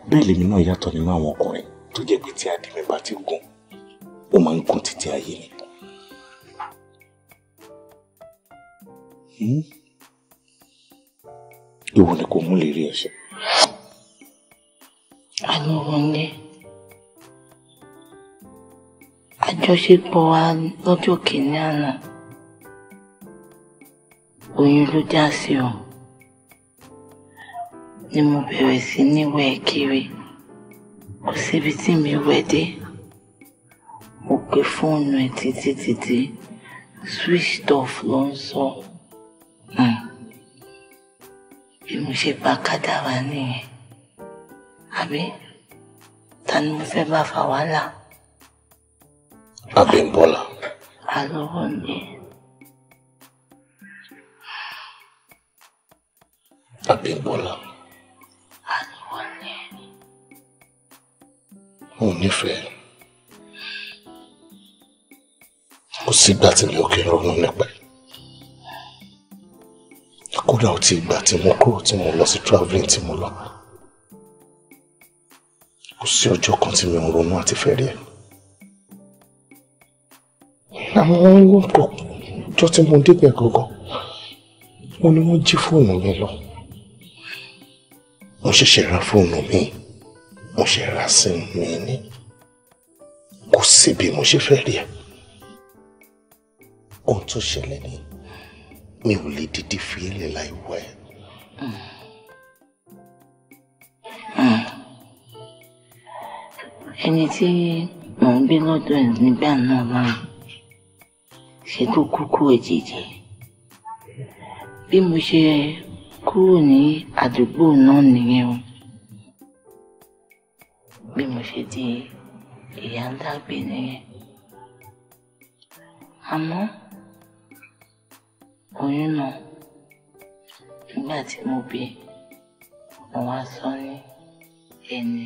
bẹ́ẹ̀ lèmi náà yàtọ̀ nínú àwọn ọkùnrin tó jẹ́ pé tí adé mi bá ti gùn ó máa ń gùn títí ayé mi. Hmm? ìwọ ni kò mú lè rí ẹ ṣe. àlọ́ wọn ni àjọṣepọ̀ wa lọ́jọ́ kìíní àná oyún ló já sí o ni mo bẹ̀rẹ̀ sí ní wẹ̀ kiri kò síbi tí mi wẹ̀ dé mo pe fóònù ẹ̀ títí títí switch off ló ń sọ hmm. bí mo ṣe bá kádàrá nìyẹn àbí ta ni mo fẹ́ bá fa wàhálà. Abímbọ́lá. Alówó ni. Abímbọ́lá. Alówó ni. Mo nífẹ̀ẹ́. Kò sígbà tí mi ò kí ń ronú nípa ẹ̀. Kódà ó ti ìgbà tí mo kúrò tí mo lọ sí travelling tí mo lọ. Kò sí ọjọ́ kan tí mi ò ronú àti fẹ́ rí ẹ̀ àwọn wọ́pọ̀ tó ti mú débẹ̀ gangan wọn ni wọ́n jí fóònù mi lọ mo ṣẹ̀ṣẹ̀ ra fóònù mi mo ṣe ra sí mi ní kò sí bí mo ṣe fẹ́ rí ẹ ohun tó ṣẹlẹ̀ ni mi ò lè dìde fi é lè láì wọ ẹ. ẹni tí mò ń gbé lọ́dọ̀ ẹ̀ nígbà náà lọ́rùn ṣé kò kúkú òjijì bí mo ṣe kúrò ní àdúgbò náà nìyẹn o bí mo ṣe di ìyá ń dàgbé nìyẹn àmọ́ oyún náà nígbà tí mo bí wọn wá sọ ní ẹni.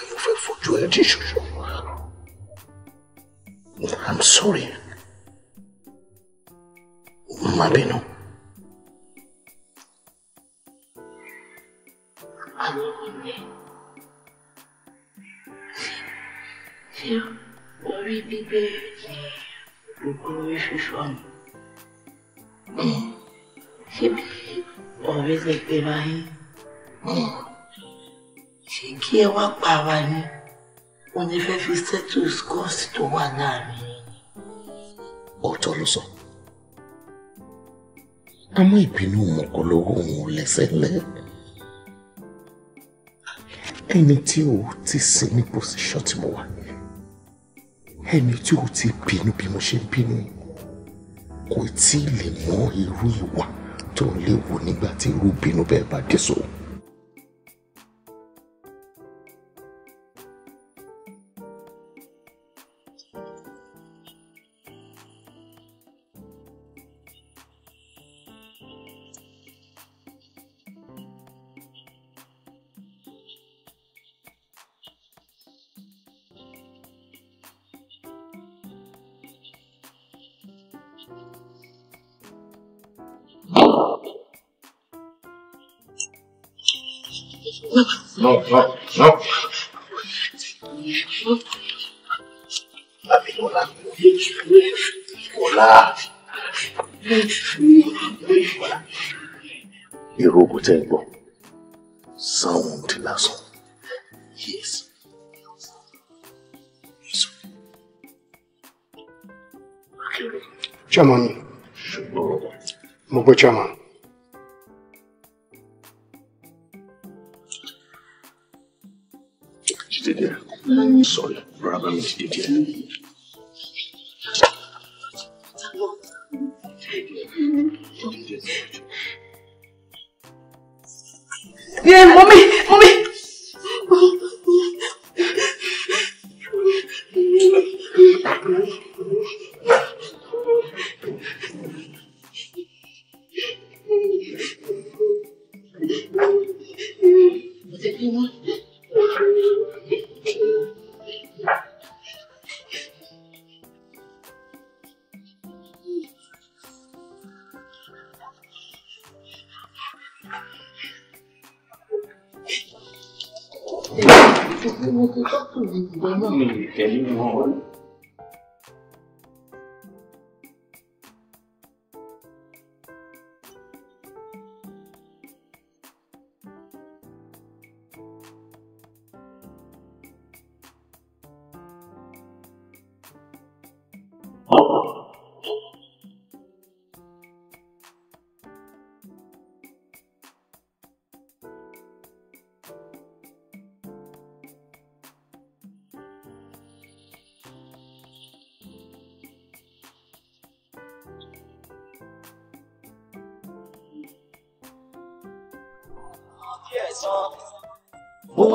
for tissue. I'm sorry. Mabino. wa ni mo ní fẹ́ fi settle scores tó wà láàrin yìí. ọ̀tọ̀ ló sọ àmọ́ ìbínú mọ̀kànlówó òun lẹ́sẹ̀lẹ́ ẹni tí o ti sìn ní pòsíṣọ́ tí mo wà ẹni tí o ti bínú bí mo ṣe ń bínú kò tí ì lè mọ irú ìwà tó ń léwu nígbà tí irú bínú bẹ́ẹ̀ bá dé sóhun. No, no, no. Abinola, Ọlá, irú ogun tẹ́ ń gbọ́, sound lásán. Chairman, mo gbọ́ chairman.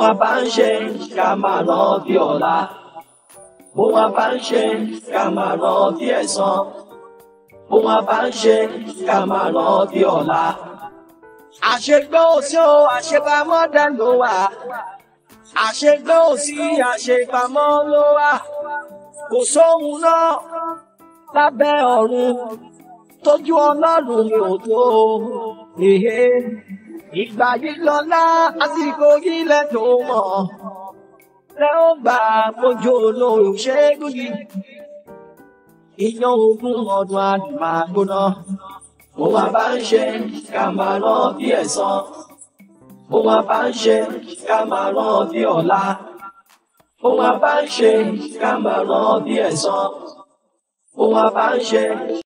wa bá ń ṣe ká máa rántí ọ̀la bó wa bá ń ṣe ká máa rántí ẹ̀san bó wa bá ń ṣe ká máa rántí ọ̀la. àṣegbọ́ òsì o àṣepamọ́ dá ló wà àṣegbọ́ òsì àṣepamọ́ ló wà kò sóhun náà lábẹ́ ọ̀run tójú ọlọ́run ni ò tó. Ìgbà yìí lọ́lá, àsìkò yìí lẹ mọ̀. Lẹ ó gbà fojú olóhùn ṣẹ́gun yìí. Iyán ogún ọdún àdùnmá Mo máa bá ń ṣe ká máa rán bí ẹ̀san. Mo máa bá ń ṣe ká máa rán bí ọ̀la. Mo máa bá ń ṣe ká máa rán bí ẹ̀san. Mo máa bá ń ṣe